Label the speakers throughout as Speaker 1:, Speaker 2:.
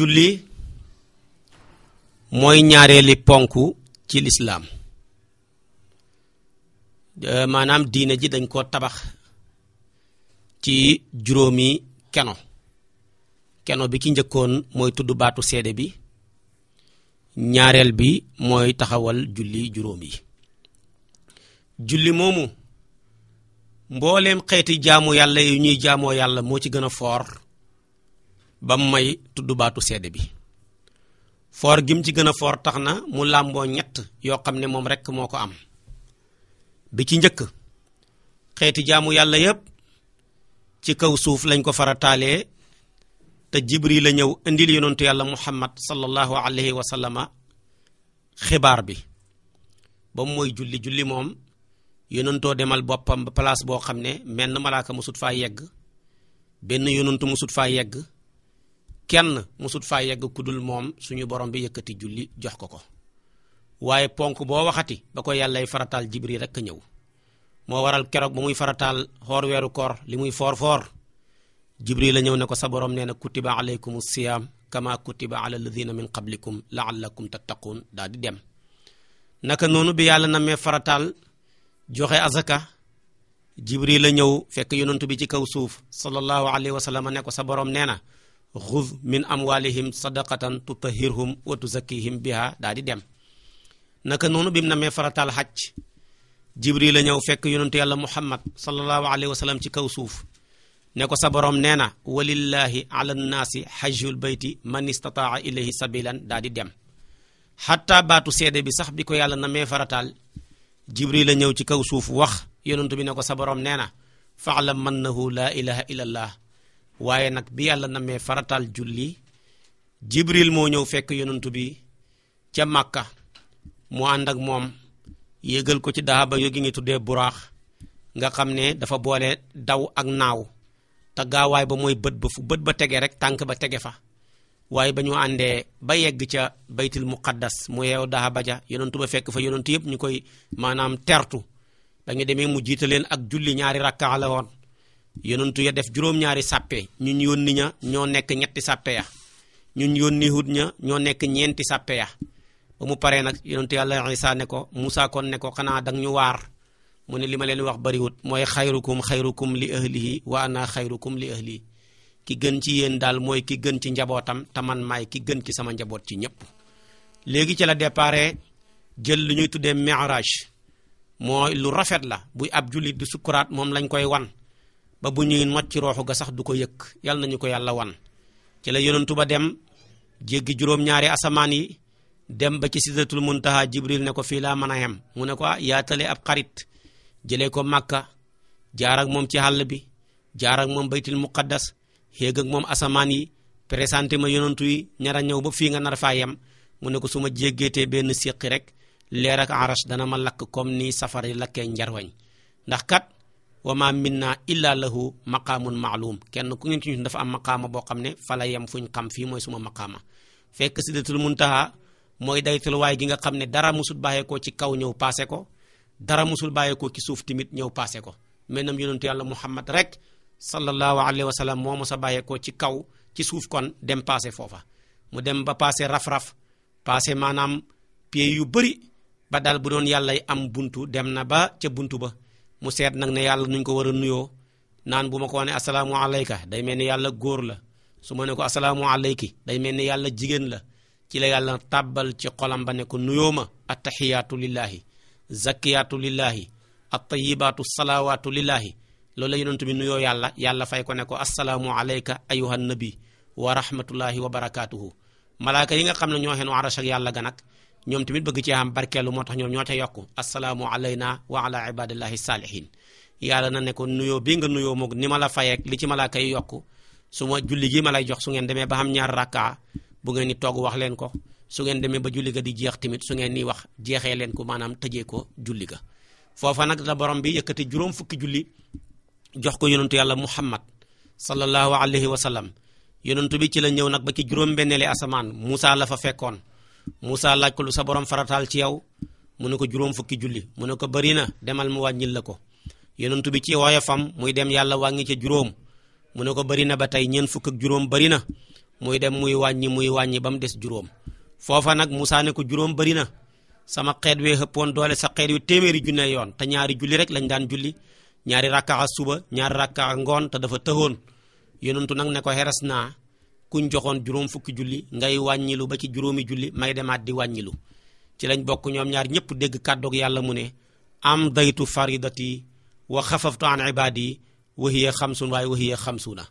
Speaker 1: julli mooy ñaareeli ponk ci lislaam euh, maanaam diine ji dañ koo tabax ci juróomi keno keno bi ki njëkkoon mooy tudd baatu seede bi ñaareel bi mooy taxawal julli juróom yi julli moomu mbooleem xeeti jaamu yàlla yu ñuy jaamoo yàlla moo ci gën a foor ba mu may tudd baatu seede bi foor gim ci gën a foor tax na mu làmboo ñett yoo xam ne moom rekk moo ko am bi ci njëkk xeeti jaamu yàlla yépp ci kaw suuf lañ ko fara farataalee te Jibril la ñëw indil yonentu yàlla Muhammad sallallahu alayhi wa sallama xibaar bi ba mooy julli julli moom yonentoo demal boppam ba place boo xam ne menn malaaka musut faa yegg benn yonentu musut faa yegg kenn musut faa yegg kudul moom suñu borom bi yëkkati julli jox ko ko waaye ponk boo waxati ba ko yàllay farataal jibri rek a ñëw moo waral keroog ba muy farataal xoor weeru koor li muy foor foor jibril la ñëw ne ko sa borom nee na kutiba alaykum siyaam kama kutiba ala alladina min qablikum laallakum tattaquun daal di dem noonu bi yàlla namee farataal joxe azaka jibril la ñëw fekk yonantu bi ci kaw suuf sallallahu alayhi wa sallam ne ko sa borom nee na xuz min amwalihim sadaqatan tutahhirhum wa tuzakkihim biha daa di dem naka noonu bi na namee farataal xaj jibril la ñëw fekk yonentu yàlla muhammad sallallahu alayhi wa sallam ci kaw suuf ne ko sa borom nee na walillahi ala nnaasi xajjul bayti man istataa ilayhi sabilan daa di dem xatta baatu seede bi sax bi ko yàlla namee farataal jibril la ñëw ci kaw suuf wax yonentu bi ne ko sa borom nee na faalam annahu waaye nag bi yàlla na namee farataal julli jibril moo ñëw fekk yonantu bi ca màkka mu ànd ak moom yéegal ko ci daaba yogi ngi tuddee buraax nga xam ne dafa boole daw ak naaw te ba mooy bët ba fu bët ba tege rek tànk ba tege fa waaye ba ñu àndee ba yegg ca baytul muqaddas mu yeew daaba ja yonantu ba fekk fa yonantu yëpp ñu koy maanaam tertu dañu demee mu jiite leen ak julli ñaari rakkaa la woon yonentu ya def juróom-ñaari sàppe ñun yónni ña ñoo nekk ñetti sàppe ya ñun yónni hut ña ñoo nekk ñeenti sàppe ya ba mu paree nag yonentu yàlla Isa ne ko Musaa kon ne ko xanaa dang ñu waar mu ne li ma leen wax bariwut mooy xayrukum xayrukum li ahlihi wa ana xayrukum li ahlihi ki gën ci yéen daal mooy ki gën ci njabootam te man maay ki gën ci sama njaboot ci ñépp léegi ci la dépare jël lu ñuy tuddee mi'raj mooy lu rafet la buy ab jullit di sukkuraat moom lañ koy wan ba bu ñuy not ci ga sax du ko yëkk yal nañu ko yàlla wan ci la yonentu ba dem jéggi juróom-ñaari asamaan yi dem ba ci sidratul muntaha jibril ne ko fii laa mën a yem mu ne ko ah yaatale ab xarit jëlee ko màkka jaar moom ci xàll bi jaar ak moom baytul muqaddas xéeg ak moom asamaan yi présenté ma yonentu yi a ñëw ba fii nga nar faa yem mu ne ko su ma jéggeetee benn séqi rek leer ak aras dana ma lakk comme ni safari lakkee njarwañ wa ma minna illa lahu maqaamun maalum kenn ku ngeen ci dafa am maqaama boo xam ne fala yem fuñ xam fii mooy suma maqaama fekk si sidratul muntaha mooy daytul waay gi nga xam ne dara musul bàyyeekoo ci kaw ñëw paase ko dara musul bàyyeekoo ci suuf tamit ñëw paase ko mais nam yonentu yàlla muhammad rek sallallahu alayhi wa sallam moo mos a bàyyeekoo ci kaw ci suuf kon dem paase foofa mu dem ba paase raf-raf paase maanaam pied yu bëri ba daal bu doon yàlla am buntu dem na ba ca buntu ba mu seet nag ne yàlla nuñ ko war a nuyoo naan bu ma ko wane asalaamu alayka day mel ni yàlla góor la su ma ne ko asalaamu alayki day mel ni yàlla jigéen la ci la yàlla tàbbal ci xolam ba ne ko nuyoo ma attaxiyaatu lillahi zakkiyaatu lillahi attayibaatu salawaatu lillahi loolu la yonent bi nuyoo yàlla yàlla fay ko ne ko asalaamu alayka ayuhan nabi wa rahmatullahi wa barakaatuhu malaaka yi nga xam ne ñoo xenu arash ak yàlla ga ñoom tamit bëgg ci am barkeelu moo tax ñoom ñoo ca yokku asalaamu alayna wa ala ibadillahi saalihin yàlla na nekkoon ko nuyoo bii nga nuyoo moog ni mala fayeek li ci malaaka yokk su ma julli gi ma lay jox su ngeen demee ba xam ñaar rakka bu ngeen ni wax leen ko su ngeen demee ba julli ga di jeex tamit su ngeen ni wax jeexee leen ko maanaam tëjee ko julli ga foofa nag la borom bi yëkkati juróom fukki julli jox ko yonentu yàlla muhammad sallallahu alayhi wa sallam yonentu bi ci la ñëw nag ba ci juróom-benneeli asamaan Musaa la fa fekkoon Moussa laaj ko lu sa borom farataal ci yow mu ne ko juróom fukki julli mu ne ko bëri na demal mu wàññil la ko yonent bi ci wooye fam muy dem yàlla wàññi ca juróom mu ne ko bëri na ba tey ñeent fukk ak juróom bëri na muy dem muy wàññi muy wàññi ba mu des juróom foofa nag Moussa ne ko juróom bëri na sama xeet wee xëppoon doole sa xeet yu téeméeri ju ne yoon te ñaari julli rek lañ daan julli ñaari rakkaa suba ñaari ràkka ngoon te dafa tëxoon yonentu nag ne ko xeres naa kuñ joxoon juróom fukki julli ngay wàññilu ba ci juróomi julli may demaat di wàññilu ci lañ bokk ñoom ñaar ñëpp dégg kàddoog yàlla mu ne am daytu faridati wa xafaftu an ibadi wa hiya xamsun waaye wa hiya xamsuna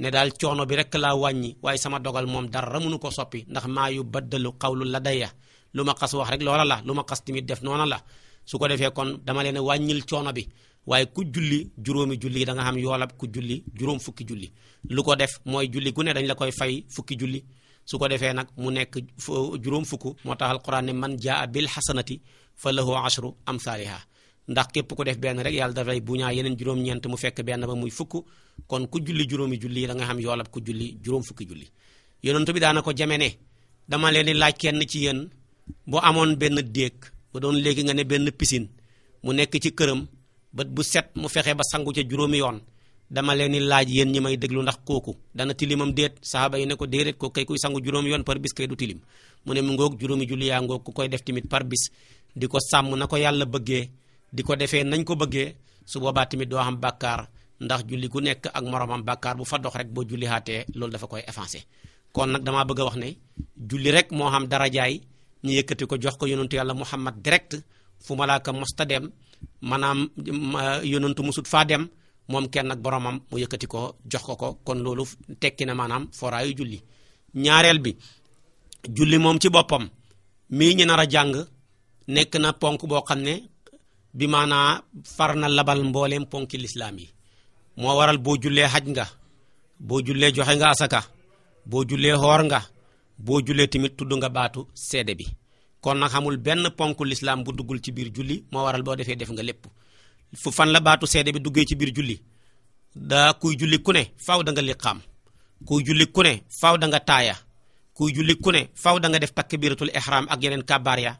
Speaker 1: ne daal coono bi rek la wàññi waaye sama dogal moom dara mënu ko soppi ndax maa yu baddalu lu la daya lu ma xas wax rek loola la lu ma kas tamit def noona la su ko defee kon dama leen wàññil coono bi waaye ku julli juróomi julli da nga xam yolab ku julli juróom fukki julli lu ko def mooy julli gu ne dañ la koy fay fukki julli su ko defee nag mu nekk juróom fukk moo tax alquran ne man jaa bil xasanati fa lahu am amsaaliha ndax képp ku def benn rek yàlla dafay buñaa yeneen juróom-ñeent mu fekk benn ba muy fukk kon ku julli juróomi julli da nga xam yoolab ku julli juróom fukki julli yonentu bi daana ko jame ne dama leen di laaj kenn ci yéen bu amoon benn déeg ba doon léegi nga ne benn piscine mu nekk ci këram bët bu set mu fexe ba sangu ca juróomi yoon dama leen di laaj yéen ñi may déglu ndax kooku dana tilimam déet saxaaba yi ne ko déedéet ko kay kuy sangu juróomi yoon par bis kay du tilim mu ne mu ngoog juróomi julli yaa ngoog ku koy def tamit par bis di ko sàmm na ko yàlla bëggee di ko defee nañ ko bëggee su boobaa tamit doo xam bàkkaar ndax julli gu nekk ak moroomam bàkkaar bu fa dox rek boo julli haatee loolu dafa koy effacé kon nag damaa bëgg a wax ne julli rek moo xam darajaay ñu yëkkati ko jox ko yonentu yàlla Muhammad direct fu malaaka mosta dem maanaam yonantu musut faa dem moom kenn ak boromam mu yëkkati ko jox ko ko kon loolu tekki na maanaam foraayu julli ñaareel bi julli moom ci boppam mii ñu nar a jàng nekk na ponk boo xam ne bi maanaa far na labal mbooleem ponki lislaam yi moo waral boo jullee xaj nga boo jullee joxe nga asaka boo jullee xoor nga boo jullee tamit tudd nga baatu seede bi kon nag xamul benn ponk lislaam bu duggul ci biir julli moo waral boo defee def nga lépp fu fan la baatu seede bi duggee ci biir julli daa kuy julli ku ne faw da nga liqaam kuy julli ku ne faw da nga taaya kuy julli ku ne faw da nga def takbiratul ihram ak yeneen kabaar ya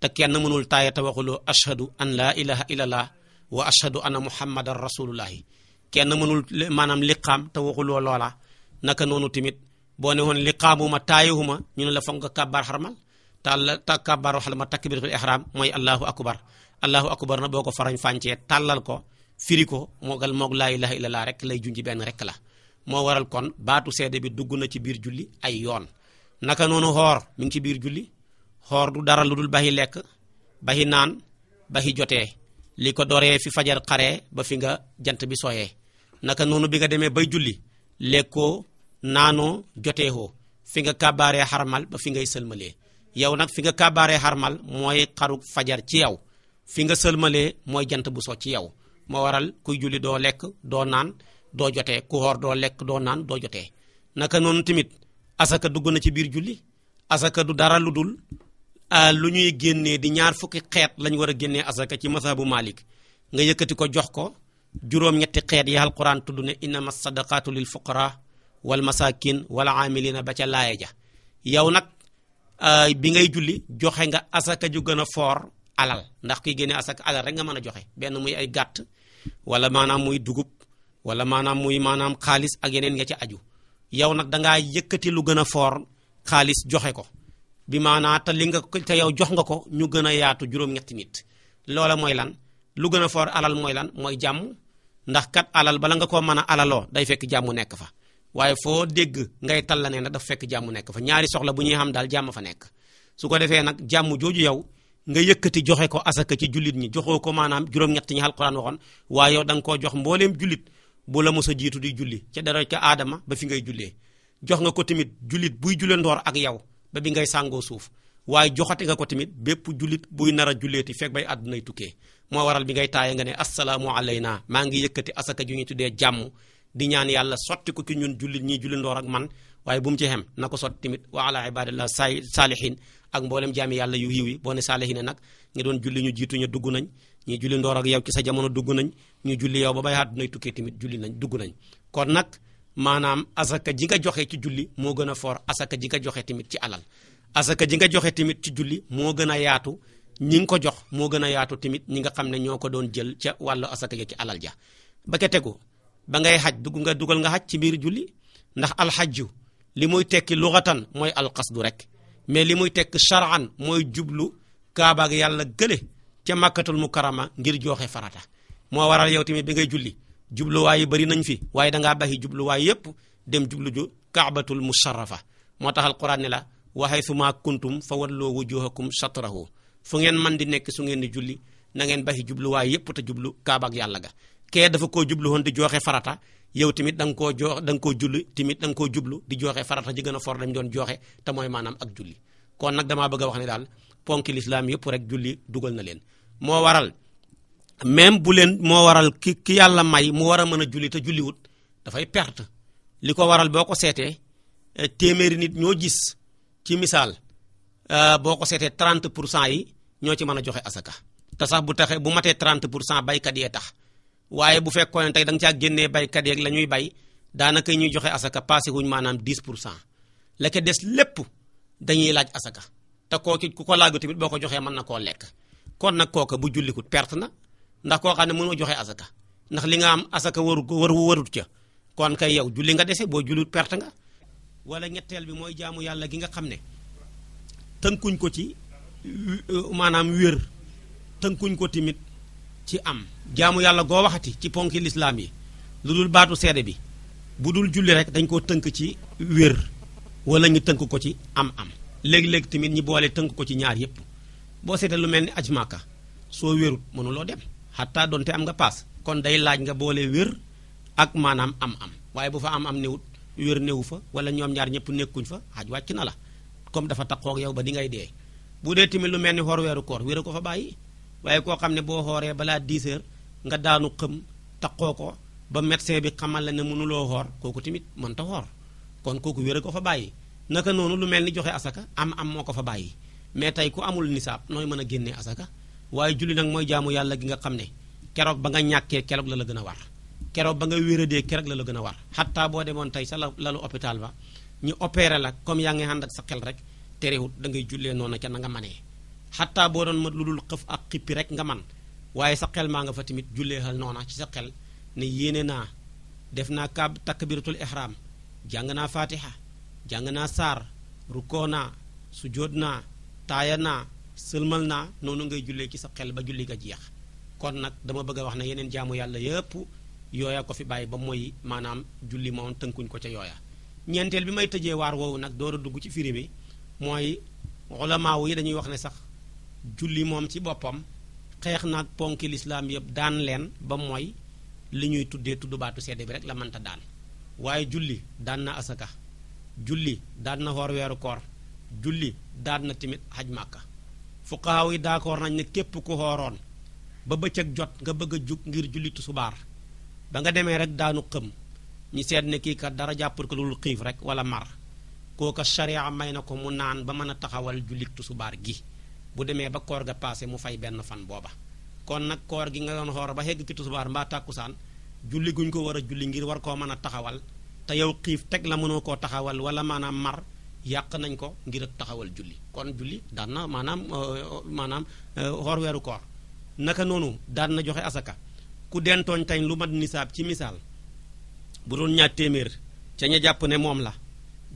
Speaker 1: te kenn mënul taaya te waxuloo ashhadu an laa ilaha illallah wa ashhadu anna muhammadan rasulullahi kenn mënul maanaam liqaam te waxuloo loola naka noonu tamit boo ne woon liqaamuma taayahuma ñu ne la foog nga tàll takabbar waxal ma takbiratul ihram mooy allahu akbar allahu akbar na boo ko farañ fàncee tàllal ko firi ko moogal moog laa ilaha illallah rek lay junj benn rek la moo waral kon baatu seede bi dugg na ci biir julli ay yoon naka noonu xoor mu ngi ci biir julli xoor du dara lu dul bahi lekk bahi naan bahi jotee li ko doree fi fajar xaree ba fi nga jant bi sooyee naka noonu bi nga demee bay julli lekkoo naanoo joteehoo fi nga kàbbaaree xaramal ba fi ngay sëlmalee yow nag fi nga kàbbaaree xarmal mooy xaru fajar ci yow fi nga sëlmalee mooy jant bu so ci yow moo waral kuy julli doo lekk doo naan doo jotee ku xoor doo lekk doo naan doo jotee naka noonu tamit asaka dugg na ci biir julli asaka du dara lu dul lu ñuy génnee di ñaar fukki xeet lañu war a génnee asaka ci bu Malik nga yëkkati ko jox ko juróom-ñetti xeet yi alquran tudd ne innama sadaqatu lil fuqara wal masakin wal amilina ba ca laaya ja yow nag Euh, bi ngay julli joxe nga asaka ju gën a foor alal ndax kuy génnee asaka alal rek nga mën a joxe benn muy ay gàtt wala maanaam muy dugub wala maanaam muy maanaam xaalis ak yeneen nga ci aju yow nag dangaa yëkkati lu gën a foor xaalis joxe ko bi maanaa te li nga te yow jox nga ko ñu gën a yaatu juróom-ñetti nit loola mooy lan lu gën a foor alal mooy lan mooy jàmm ndax kat alal bala nga koo mën a alaloo day fekk jàmm nekk fa waaye foo dégg ngay tal la ne nag dafa fekk jàmm nekk fa ñaari soxla bu ñuy xam daal jàmm fa nekk su ko defee nag jàmm jooju yow nga yëkkati joxe ko asaka ci jullit ñi joxoo ko maanaam juróom-ñett ñi alquran waxoon waaye yow da nga koo jox mbooleem jullit bu la mos a jiitu di julli ca dara ca aadama ba fi ngay jullee jox nga ko tamit jullit buy julle ndoor ak yow ba bi ngay sàngoo suuf waaye joxate nga ko tamit bépp jullit buy nar a julleeti fekk bay àddunay tukkee moo waral bi ngay nga ne asalaamu alayna maa ngi yëkkati asaka ju ñu tuddee jàmm di ñaan yàlla sotti ko ci ñun jullit ñii jullindoor ak man waaye bu mu ci xem na ko sotti tamit wa ala ibadillah saay saalihin ak mboolem jaami yàlla yu yiw yi boo ne saalihin nag ñi doon julli ñu jiitu jiituñu dugg nañ ñi julli ndoor ak yow ci sa jamono dugg nañ ñu julli yow ba bay àddunay tukkee tamit julli nañ dugg nañ kon nag maanaam asaka ji nga joxe ci julli moo gën a foor asaka ji nga joxe tamit ci alal asaka ji nga joxe tamit ci julli moo gën a yaatu ñi nga ko jox moo gën a yaatu tamit ñi nga xam ne ñoo ko doon jël ca wàllu ci alal ja ba ngay xaj dugg nga dugal nga xaj ci biir julli ndax alxajju li muy tekki luxatan mooy alqasdu rek mais li muy tekk shar'an mooy jublu kaabaag yàlla gële ca makkatul mukarrama ngir joxe farata moo waral yow tamit bi ngay julli jublu yi bari nañ fi waaye dangaa baxi jubluwaay yépp dem jublu ju kaabatul musharrafa moo tax alquran ne la wa haythuma kuntum fa walloo wujuhakum shatrahu fu ngeen di nekk su ngeen di julli na ngeen baxi jubluwaay yépp te jublu kaabaag yàlla ga kee dafa koo jublu woon di joxe farata yow tamit da nga koo joox da koo julli tamit da koo jublu di joxe farata ji gën a for dañ doon joxe te mooy maanaam ak julli kon nag damaa bëgg a wax ne daal ponk lislaam yëpp rek julli dugal na leen moo waral même bu leen moo waral ki ki yàlla may mu war a mën a julli te julliwut dafay perte li ko waral boo ko seetee eh, téeméeri nit ñoo gis ci misaal eh, boo ko seetee trente pour cent yi ñoo ci mën a joxe asaka te sax bu taxee bu matee trente pour cent baykat yee tax waaye bu fekkoon ne tey danga nga caa génnee baykat yeeg la ñuy bay daanaka ñuy joxe asaka passé wuñ maanaam 10 pour cent la des lépp dañuy laaj asaka te kooku ku ko laaju tamit boo ko joxee mën na koo lekk kon nag kooka bu julli ko perte na ndax koo xam ne mënoo joxe asaka ndax li nga am asaka waru ko waru warut ca kon kay yow julli nga dese boo jullut perte nga. wala ñetteel bi mooy jaamu yàlla ki nga xam ne tënkuñ ko ci maanaam wér tënkuñ ko tamit ci am. jaamu yàlla goo waxati ci ponki lislaam yi lu dul baatu seede bi bu dul julli rek dañ koo tënk ci wér wala ñu tënk ko ci am-am léeg-léeg tamit ñi boole tënk ko ci ñaar yépp boo seetee lu mel ni aj màkka soo wérut mënuloo dem xataa donte am nga paas kon day laaj nga boole wér ak maanaam am-am waaye bu fa am-am newut wér newu fa wala ñoom ñaar ñëpp nekkuñ fa aj wàcc na la comme dafa taqoog yow ba di ngay dee bu dee tamit lu mel ni xoor weeru koor wér ko fa bàyyi waaye koo xam ne boo xooree balaa 10 heures nga daanu xëm taqoo ko ba médecin bi xamal la ne mënuloo xoor kooku tamit mën ta xoor kon kooku wér a ko fa bàyyi naka noonu lu mel ni joxe asaka am am moo ko fa bàyyi mais tey ku amul nisaab nooy mën a génnee asaka waaye julli nag mooy jaamu yàlla gi nga xam ne keroog ba nga ñàkkee keroog la la gën a war keroog ba nga wéradee keroog la la gën a war xattaa boo demoon tey sa la lalu hôpital ba ñu opéré la comme yaa ngi ànd ak sa xel rek terewut da ngay jullee noonu ca na nga manee xattaa boo doon ma lu dul xëf ak xippi rek nga man waaye sa xel maa nga fa tamit julleexal noona ci sa xel ne yéene naa def naa takk biratul ihram jàng naa fatiha jàng naa saar rukkoo naa sujjóot naa taaya naa sëlmal naa noonu ngay jullee ci sa xel ba julli nga jeex kon nag dama bëgg a wax ne yeneen jaamu yàlla yépp yooya ko fi bàyyi ba mooy maanaam julli moom tënkuñ ko ca yooya ñeenteel bi may tëjee waar woowu nag door a dugg ci firi bi mooy ulamaa yi dañuy wax ne sax julli moom ci boppam xeex naag ponki lislaam yëpp daan leen ba mooy li ñuy tuddee tudd baatu sedde bi rek la mënta daan waaye julli daan na asaka julli daan na xoor weeru koor julli daan na tamit xaj màkka fuqaaw yi d'accord nañ ne képp ku xooroon ba bëccëg jot nga bëgg a jug ngir julli tusubaar ba nga demee rek daanu xëm ñu seet ne kii kat dara jàppal ko loolu xiif rek wala mar kooka sharia may na ko mu naan ba mën a taxawal julli tusubaar gi bu demee ba koor ga paase mu fay benn fan booba kon nag koor gi nga doon xoor ba xegg ci tusubaar mbaa tàkkusaan julli guñ ko war a julli ngir war koo mën a taxawal te yow xiif teg la mënoo koo taxawal wala maanaam mar yàq nañ ko ngir ak taxawal julli kon julli daan na maanaam euh, maanaam euh, xoor weeru koor naka noonu daan na joxe asaka ku dentooñ tey lu mat nisaab ci misaal bu doon ñaar téeméer ca ña jàpp ne moom la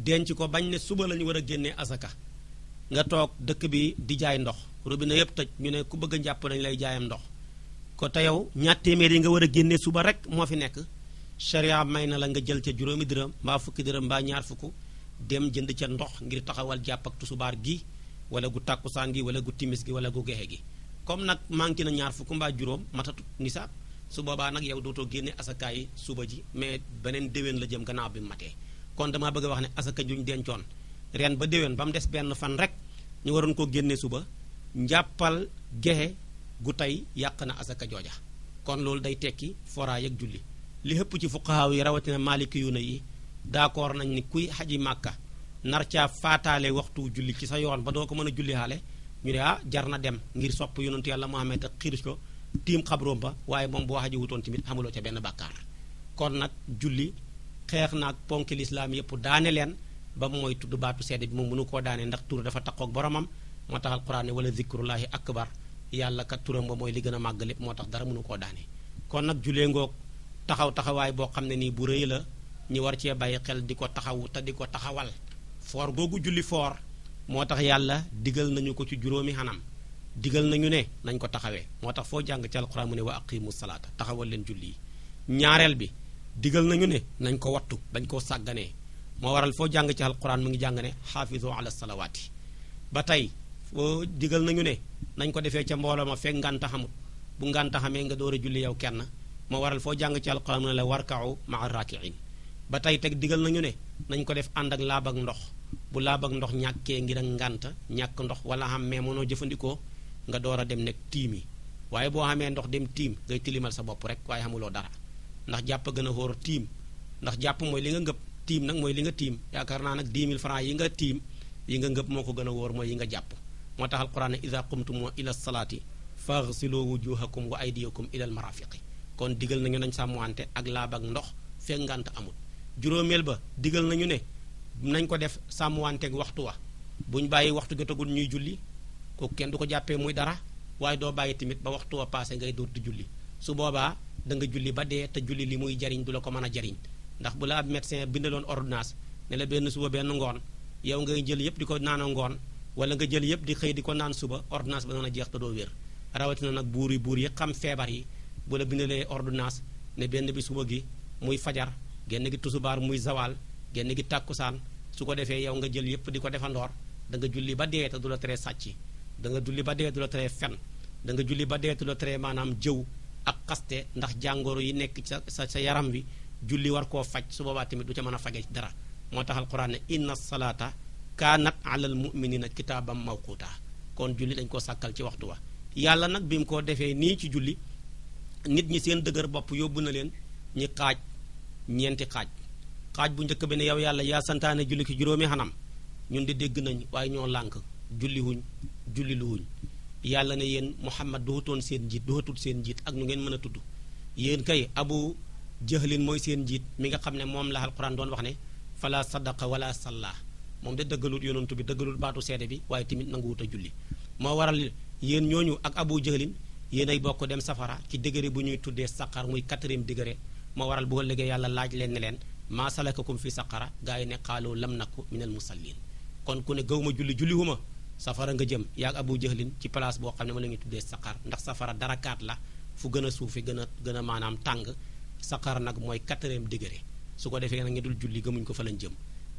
Speaker 1: denc ko bañ ne suba lañu war a génnee asaka nga toog dëkk bi di jaay ndox robinet yëpp tëj ñu ne ku bëgg a njàpp nañ lay jaayam ndox ko te yow ñaar téeméer yi nga war a génne suba rek moo fi nekk sharia may na la nga jël ca juróomi dërëm mbaa fukki dërëm mbaa ñaar fukk dem jënd ca ndox ngir taxawal jàpp ak tusubaar gi wala gu tàkkusaan gi wala gu timis gi wala gu gexe gi comme nag manqué na ñaar fukk mbaa juróom matatu nisaab su boobaa nag yow dootoo génne asaka yi suba ji mais beneen déwén la jëm gannaaw bi matee kon dama bëgg wax ne asaka juñ dencoon ren ba déwén ba mu des benn fan rek ñu waroon koo génne suba njàppal gexe gu tey yàq na asaka jooja kon loolu day tekki foraay ak julli li xëpp ci fuqahaaw yi rawatina maaliki yu na yi d'accord nañ ni kuy xaji màkka nar caa faataale waxtu julli ci sa yoon ba doo ko mën a julli xaale ñu ne ah jar na dem ngir sopp yonentu yàlla Muhammad ak xiir ko tiim xabroom ba waaye moom boo xaji wutoon tamit amuloo ca benn bàkkaar kon nag julli xeex naag ponki lislaam yëpp daane leen ba mooy tudd baatu seede bi moom mënu koo daane ndax tur dafa taqoog boromam moo tax alquran ne wala zikrullahi akbar yàlla kat turam ba mooy li gën a màgg lépp moo tax dara mënu koo daane kon nag julee ngoog taxaw taxawaay boo xam ne nii bu rëy la ñu war cee bàyyi xel di ko taxawu te di ko taxawal foor googu julli foor moo tax yàlla digal nañu ko ci juróomi xanam digal nañu ne nañ ko taxawee moo tax foo jàng ci alquran mu ne wa aqimu salaata taxawal leen julli ñaareel bi digal nañu ne nañ ko wattu bañ koo sàgganee moo waral foo jàng ci alquran mu ngi jàng ne xaafizu ala salawaati ba tey foo digal nañu ne nañ ko defee ca mbooloo ma fekk ngànta xamul bu ngànta xamee nga door a julli yow kenn moo waral foo jàng ci alquran mu ne la warka'u ma'a raaki'in ba tey teg digal nañu ne nañ ko def ànd ak laab ak ndox bu laab ak ndox ñàkkee ngir ak ngànta ñàkk ndox wala xam mais mënoo jëfandikoo nga door a dem nekk tiim yi waaye boo xamee ndox dem tiim ngay tilimal sa bopp rek waaye xamuloo dara ndax jàpp gën a xóor tiim ndax jàpp mooy li ngëpp tiim nag mooy li nga tiim yaakaar naa nag 10 000 francs yi nga tiim yi nga ngëb moo ko gën a wóor mooy yi nga jàpp moo tax alquran ne ida qumtum ila salaati faghsilu wujuhakum wa aydiyakum ila almarafiqi kon digal nañu nañ sàmmante ak laab ak ndox fekk ngànt amul juróomeel ba digal nañu ne nañ ko def sàmmanteeg waxtu wa buñ bàyyi waxtu jotagul ñuy julli ko kenn du ko jàppee muy dara waaye doo bàyyi tamit ba waxtu wa passé ngay dóor di su boobaa da nga ba dee te julli li muy jariñ du la ko mën a jariñ ndax bu la ab médecin bindaloon ordonnance ne la benn suba benn ngoon yow ngay jël yëpp di ko naanoo ngoon wala nga jël yëpp di xëy di ko naan suba ordonnance ba doon a jeex te doo wér rawatina nag buur yi buur yi xam feebar yi bu la bindalee ordonnance ne benn bi suba gi muy fajar genn gi tusubaar muy zawaal genn gi tàkkusaan su ko defee yow nga jël yëpp di ko defandoor danga julli ba dee te du la teree sàcc da nga julli ba dee du la teree fen danga julli ba dee du la maanaam jëw ak xaste ndax jàngoro yi nekk sa sa yaram wi julli war koo faj su boobaa tamit du ca mën a fage dara moo tax alquran ne inna salaata kaanat alal muminina kitaaban mawquuta kon julli dañ koo sàkkal ci waxtu wa yàlla nag bi mu ko defee nii ci julli nit ñi seen dëgër bopp yóbbu na leen ñi xaaj ñeenti xaaj xaaj bu njëkk bi ne yow yàlla yaa santaane julli ki juróomi xanam ñun di dégg nañu waaye ñoo lànk julli wuñ julli lu wuñ yàlla ne yéen Muhammad duhutoon seen njiit duhatul seen njiit ak ñu ngeen mën a tudd jëhlin mooy seen njiit mi nga xam ne moom la alquran doon wax ne fala sadaqa wala salla moom de dëggalut yonantu bi dëggalut baatu seede bi waaye tamit nanguwut a julli moo waral yéen ñooñu ak abu jëhlin yéen ay bokk dem safara ci degré bu ñuy tuddee saqar muy quatrième degré moo waral boo liggéey yàlla laaj leen ne leen maa salakakum fi saqara gaa yi ne xaaloo lam naku minal musallin kon ku ne gawma julli julli huma safara nga jëm yaag abu jëhlin ci place boo xam ne ma la ñuy tuddee saqar ndax safara darakaat la fu gën suufe gën a gën a maanaam tàng saqar nag mooy quatrième degré su ko defee nag ñu dul julli gëmuñ ko fa lañ jëm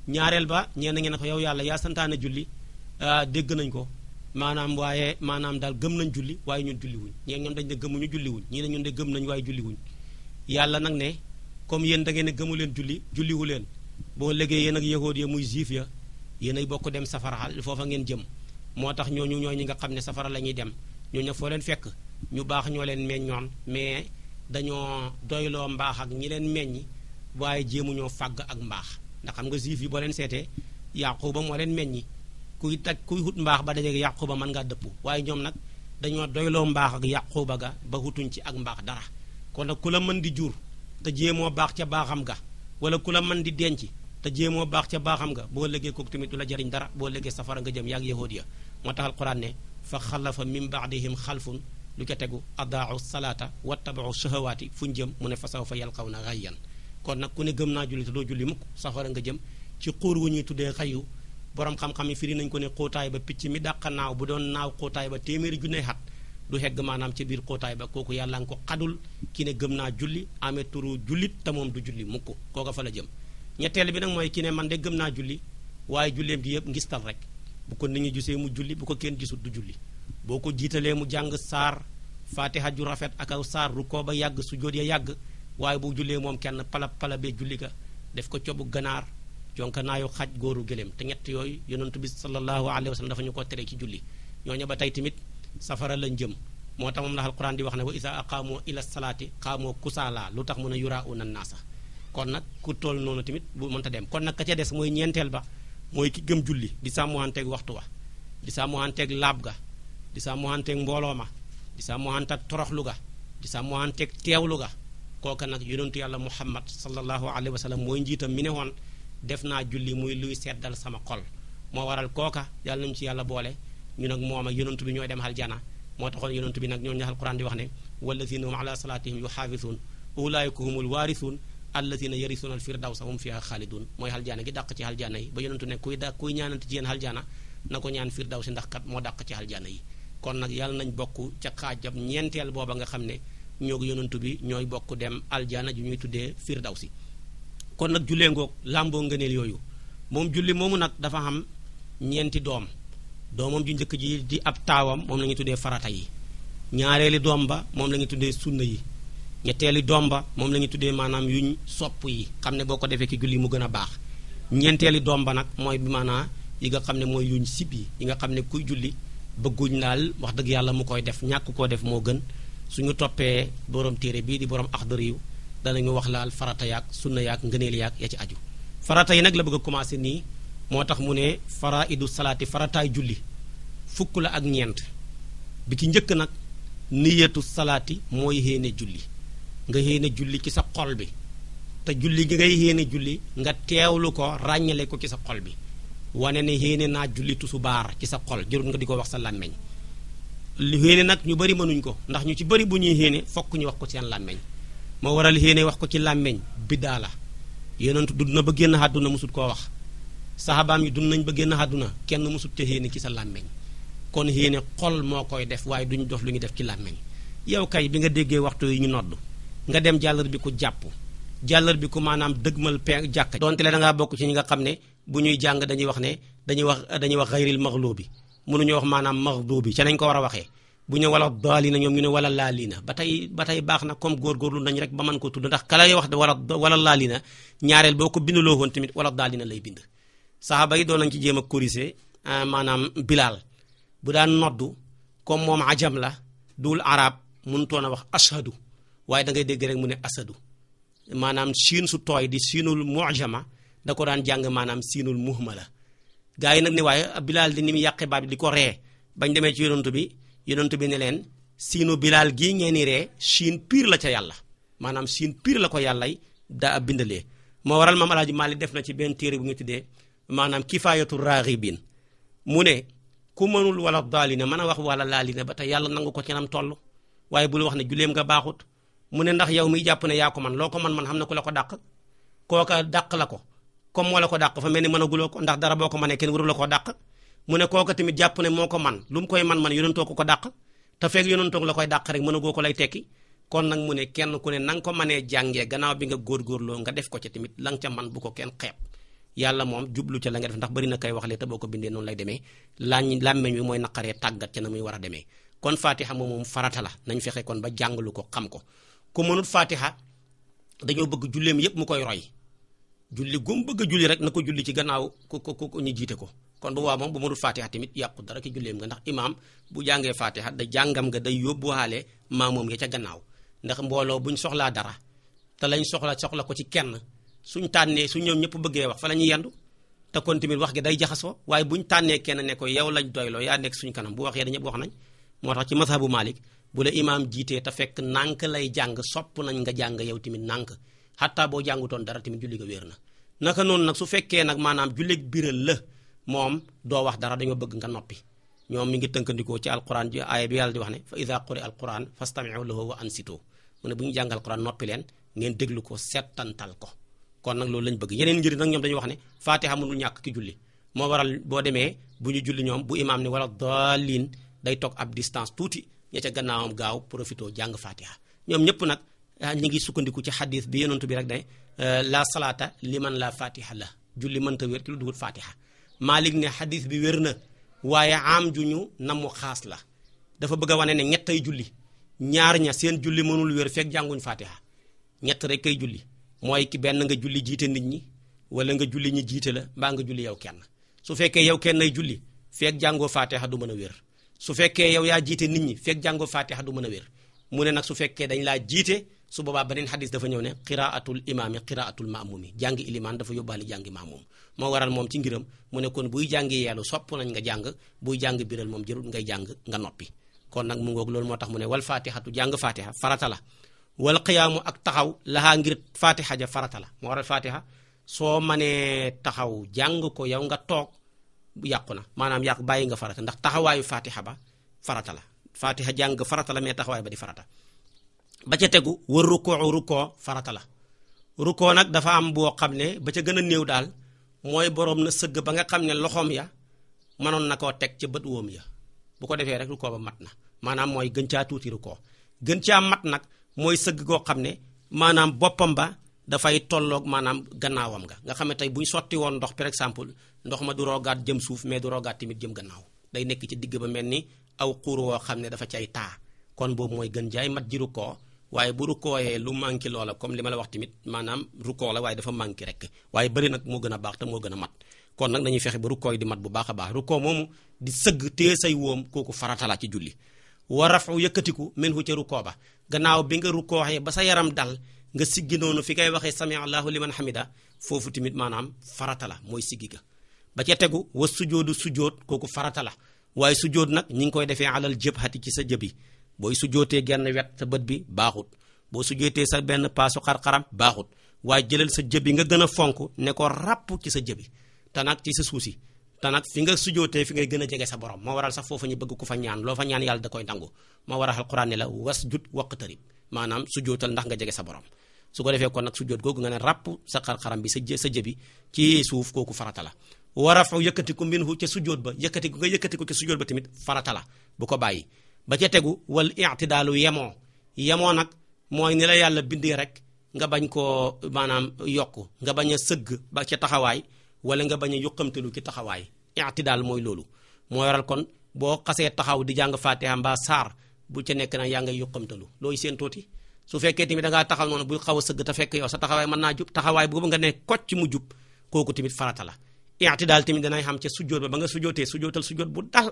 Speaker 1: ñaareel ba ñeen a ngeen ko yow yàlla yaa santaane julli ah, dégg nañ ko maanaam waaye maanaam daal gëm nañ julli waaye ñun julliwuñ ñeen ñoom dañ ne gëmuñu julli wuñ ñii ne de gëm nañ waaye julli yàlla nag ne comme yéen da ngeen ne gëmu leen julli julliwu leen boo légéey yéen ak yahood ya muy juif ya yéen ay bokk dem safara foofa ngeen jëm moo tax ñooñu ñooy ñi nga xam ne safara la ñuy dem ñooñu foo leen fekk ñu baax ñoo leen meññoon mais dañoo doyloo mbaax ak ñi leen meññi waaye jéemuñoo fàgg ak mbaax ndax xam nga juif yi boo leen seetee yaquba moo leen meññi kuy taj kuy hut mbaax ba dajeeg yaquba mën ngaa dëpp waaye ñoom nag dañoo doyloo mbaax ak yaquba ga ba hutuñ ci ak mbaax dara kon nag ku la mën di jur te jéemoo baax ca baaxam ga wala ku la mën di denc te jéemoo baax ca baaxam nga boo léggee kooku tamit du la jariñ dara boo léggee safara nga jëm yaag yahudiya moo tax alquran ne fa xalafa min baadihim xalfun lu ca tegu adaau salaata wattabau shahawaati fu ñu jëm mu ne fasaw fa yalqaw na xayyan kon nag ku ne gëm naa julli te doo julli mukk safara nga jëm ci xuur wu ñuy tuddee xayu borom xam yi firi nañu ko ne xóotaay ba picc mi dàqa naaw bu doon naaw xóotaay ba téeméeri junne xat du hegg maanaam ci biir xóotaay ba kooku yàlla nga ko xadul ki ne gëm naa julli amee turu jullit te moom du julli mukk kooka fa la jëm ñetteel bi nag mooy ki ne man de gëm naa julli waaye julleem gi yëpp ngistal rek bu ko nit ñi jusee mu julli bu ko kenn gisul du julli boo ko jiitalee mu jàng saar faatiha ju rafet ak aw saar rukkoo ba yàgg sujjóot ya yàgg waaye boo jullee moom kenn palab palabee julli ga def ko coobu ganaar jonkanaayu xaj góoru gëléem te ñett yooyu yonentu bi sallallahu alayhi wa sallam dafa ñu ko tere ci julli ñooñu ba tey tamit safara lañ jëm moo tax moom la alquran di wax ne wa isa qaamoo ila salaati qaamoo kusalaa lu tax mun a yuraa'uuna naasa kon nag ku toll noonu tamit bu mënta dem kon nag ka ca des mooy ñeenteel ba mooy ki gëm julli di sàmmanteeg waxtu wa di sàmmanteeg laab ga di sàmmanteeg mbooloo ma di sàmmanteeg toroxlu ga di sàmmanteeg teewlu ga kooka nag yonentu yàlla muhammad sallallahu alayhi wa sallam mooy njiitam mi ne woon def naa julli muy luy seddal sama xol moo waral kooka yàlla ñu ci yàlla boole ñu nag moom ak yonentu bi ñooy dem aljana moo taxoon yonentu bi nag ñoo ñaxal quran di wax ne walladina hum ala salaatihim yuxaafisun ulaayika humul waarisuun alladina yarisuuna al firdawsa hum fiha xaalidun mooy aljana gi dàq ci aljana yi ba yonentu ne kuy da kuy ñaanante ci yéen na ko ñaan firdawsi ndax kat moo dàq ci aljana yi kon nag yàlla nañ bokk ca xaajab ñeenteel booba nga xam ne ñoo yonantu bi ñooy bokk dem aljana ju ñuy tuddee firdawsi kon nag jullee ngoog làmboo ngëneel yooyu moom julli moomu nag dafa am ñeenti doom doomam ju njëkk ji di ab taawam moom la tuddee farata yi ñaareeli doom ba moom lañuy tuddee sunna yi ñetteeli doom ba moom la ñuy tuddee maanaam yuñ sopp yi xam ne boo ko defee ki julli mu gën a baax ñeenteeli doom ba nag mooy bi maanaa yi nga xam ne mooy yuñ sib yi nga xam ne kuy julli bëgguñ naal wax dëgg yàlla mu koy def ñàkk koo def moo gën suñu toppee borom téere bii di borom axdari yu danañu wax laal farata yaag sunna yaag ngëneel yaag ya ci aju farata yi nag la bëgg a commencé nii moo tax mu ne faraidu salaati farataay julli fukk la ak ñeent bi ci njëkk nag niyatu salaati mooy yéene julli nga yéene julli ci sa xol bi te julli gi ngay julli nga teewlu ko ràññale ko ci sa xol bi wane ne yéene naa julli tusubaar ci sa xol jërul nga di ko wax sa làmmeñ li yéene nag ñu bari mënuñ ko ndax ñu ci bari bu ñuy yéene fokk ñu wax ko seen làmmeñ moo waral yéene wax ko ci làmmeñ biddaa la yonent dund na ba génn àdduna mësut koo wax saxaabaam yi dund nañ ba génn àdduna kenn mësut te yéene ci sa làmmeñ kon yéene xol moo koy def waaye duñu dof lu ñu def ci làmmeñ yow kay bi nga déggee waxtu yi ñu nodd nga dem jàllar bi ko jàpp jàllar bi ko maanaam dëgmal pe jàkka donte le da ngaa bokk ci ñi nga xam ne bu ñuy jàng dañuy wax ne dañuy wax dañuy wax xayril maxlubi mënuñu wax maanaam maxdubi ca nañ ko war a waxee bu ñu wala daalina ñoom ñu ne wala laalina ba tey ba tey baax na comme góorgóorlu nañ rek ba man ko tudd ndax kalay wax wala wala laalina ñaareel boo ko bindaloo woon tamit wala daalina lay bind saxaaba yi doon nañ ci jéem a corriger euh, maanaam bilaal bu daan noddu comme moom ajam la duul arab toon a wax ashadu waaye da ngay dégg rek mu ne asadu maanaam siin su tooy di siinul mujama da ko daan jàng maanaam siinul la gaa yi nag ne waaye bilaal di ni mu yàqe baat bi di ko ree bañ demee ci yonantu bi yonantu bi ne leen siinu bilaal gii ngeen di ree siin piir la ca yàlla maanaam siin piir la ko yàllay daa bindalee moo waral maam alaaji Maalik def na ci benn téere bu nga tuddee maanaam kifaayatu raaxibiin mu ne ku mënul wala daalina man a wax wala laalina ba tey yàlla nangu ko ci nam toll waaye bul wax ne julleem nga baaxut mu ne ndax yow jàpp ne yaa ko man loo ko man man xam na ku la ko dàq kooka dàq la ko comme moo la ko dàq fa mel ni mënaguloo ko ndax dara boo ko mënee kenn warula koo dàq tamit jàpp ne moo ko man lu mu koy man man yonentoo ko ko dàq te feeg yonentoo la koy dàq rek mënagoo ko lay tekki kon nag mu ne kenn ku ne na ko mënee jàngee gannaaw bi nga góorgóorloo nga def ko ca tamit la nga ca bu ko kenn xeeb yàlla moom jublu ca la nga def ndax bari na koy waxlee te boo ko bindee noonu lay demee laañ làmmeñ wi mooy naqaree tàggat ca na muy war a demee kon fatiha moom moom farata la nañ fexe kon ba jàngalu ko xam ko ko mënul fatiha dañoo bëgg julleem yëpp mu koy roy julli gum bëgg a julli rek na ko julli ci gannaaw ko ko ku ñu jiite ko kon bu waa moom bu ma dul fatiha tamit yàqu dara ki julleem nga ndax imaam bu jàngee fatiha da jàngam nga day yóbbuwaale maamoom nga ca gannaaw ndax mbooloo buñ soxlaa dara te lañ soxla soxla ko ci kenn suñ tànnee su ñoom ñëpp bëggee wax fa la ñuy yendu te kon wax gi day jaxasoo waaye buñ tànnee kenn ne yow lañ doyloo yaa nekk suñ kanam bu waxee dañu ñëpp nañ moo tax ci bu Malik bu la imaam jiitee te fekk nànk lay jàng sopp nañ nga jàng yow tamit nànk xataa boo jàngutoon dara tamit julli ga wér na naka noonu nag su fekkee nag maanaam julleg biral la moom doo wax dara dañoo bëgg nga noppi ñoom mi ngi tënkandikoo ci alquran ji aaya bi yàlla di wax ne fa ida quri alquran fastami'u lahu wa ansitu mu ne bu ñu jàng alquran noppi leen ngeen déglu ko settantal ko kon nag loolu lañ bëgg yeneen njëriñ nag ñoom dañuy wax ne fatiha mënul ñàkk ki julli moo waral boo demee bu ñu julli ñoom bu imaam ne wala daalin day toog ab distance tuuti ca gannaawam gaaw profito jàng fatiha ñoom ñëpp nag Ah, ñu ngi sukkandiku ci xadis bi yonent bi rek ne euh, laa salaata man laa fatiha la julli mënta wér ci dugul dugut fatiha ne xadiis bi wér na waaye am ju ñu namu xaas la dafa bëgg a wane ne ñettay julli ñaar ña seen julli mënul wér fekk jànguñ fatiha ñett rek kay julli mooy ki benn nga julli jiite nit ñi wala nga julli ñi jiite la mbaa nga julli yow kenn su fekkee yow kenn ay julli fekk jàngoo fatiha du mën a wér su fekkee yow yaa jiite nit ñi fekk jàngoo fatiha du mën a wér mu ne nag su fekkee dañ laa jiite su boobaa beneen xadis dafa ñëw ne qiraatul imaami qiraatul maamumi jàngi ilimaan dafa yóbbaale jàngi maamum moo waral moom ci ngiram mu ne kon buy jàngi yeelu sopp nañ nga jàng buy jàng biral moom jërul ngay jàng nga noppi kon nag mu ngoog loolu moo tax mu ne wal fatihatu jàng fatiha farata la wal qiyaamu ak taxaw laxaa ngir fatiha ja farata la moo waral fatiha soo manee taxaw jàng ko yow nga toog yàqu na maanaam yàq bàyyi nga farata ndax taxawaayu fatiha ba farata la fatiha jàng farata la mais taxawaay ba di farata ba ca tegu war rukkoo rukkoo farata la rukkoo nag dafa am boo xam ne ba ca gën a néew daal mooy boroom na sëgg ba nga xam ne loxoom ya mënoon na koo teg ca bët woom ya bu ko defee rek rukkoo ba mat na maanaam mooy gën caa tuuti rukkoo gën caa mat nag mooy sëgg goo xam ne maanaam boppam ba dafay tolloog maanaam gannaawam nga nga xam ne tey bu ñu sotti woon ndox par exemple ndox ma du roogaat jëm suuf mais du roogaat tamit jëm gannaaw day nekk ci digg ba mel ni aw xuur woo xam ne dafa cay taa kon boobu mooy gën mat jiru koo waaye bu rukkooyee lu manqué loola comme li ma la wax tamit maanaam rukkoo la waaye dafa manqué rek waaye bëri nag moo gën a baax te moo gën a mat kon nag nañuy fexe ba rukkoo yi di mat bu baax a baax rukkoo moomu di sëgg tee say woom kooku farata la ci julli wa rafu yëkkatiku min hu ca rukkoo ba gannaaw bi nga rukkooxee ba sa yaram dal nga siggi noonu fi ngay waxee sami allahu liman hamida foofu tamit maanaam farata la mooy siggi ga ba ca tegu wa sujoodu sujood kooku farata la waaye sujood nag ñi ngi koy defee alal jëb hati ci sa jëbi booy sujjootee genn wet sa bët bi baaxut boo sujjootee sa benn su xar-xaram baaxut waaye jëlal sa jëbi nga gën a fonk ne ko ràpp ci sa jëbi te nag ci sa suusi te nag fi nga sujootee fi ngay gën a jege sa borom moo waral sax foofu ñu bëgg ku fa ñaan loo fa ñaan yàlla da koy nangu moo waral alquran ne la wasjud waqtarib maanaam sujootal ndax nga jege sa borom su ko defee kon nag sujoot googu nga ne ràpp sa xaram bi sa sa jëbi ci suuf kooku farata la warafu yëkkatiku minhu ca sujoot ba yëkkatiku nga yëkkatiku ca sujoot ba tamit farata la bu ko bàyyi ba ca tegu wal i'tidaalu yemoo yemoo nag mooy ni la yàlla bindee rek nga bañ koo maanaam yokk nga bañ a sëgg ba ca taxawaay wala nga bañ a yuqamtelu ci taxawaay daal mooy loolu moo waral kon boo xasee taxaw di jàng fatiha mbaa saar bu ca nekk nag yaa ngay yuqamtalu looyu seen tuuti su fekkee tamit da taxaw noonu bu xaw a sëgg te fekk yow sa taxawaay man naa jub taxawaay boobu nga nee kocc mu jub kooku tamit farata la i'tidaal tamit danay xam ca sujjóot ba ba nga sujjóotee sujjóotal sujjóot bu dal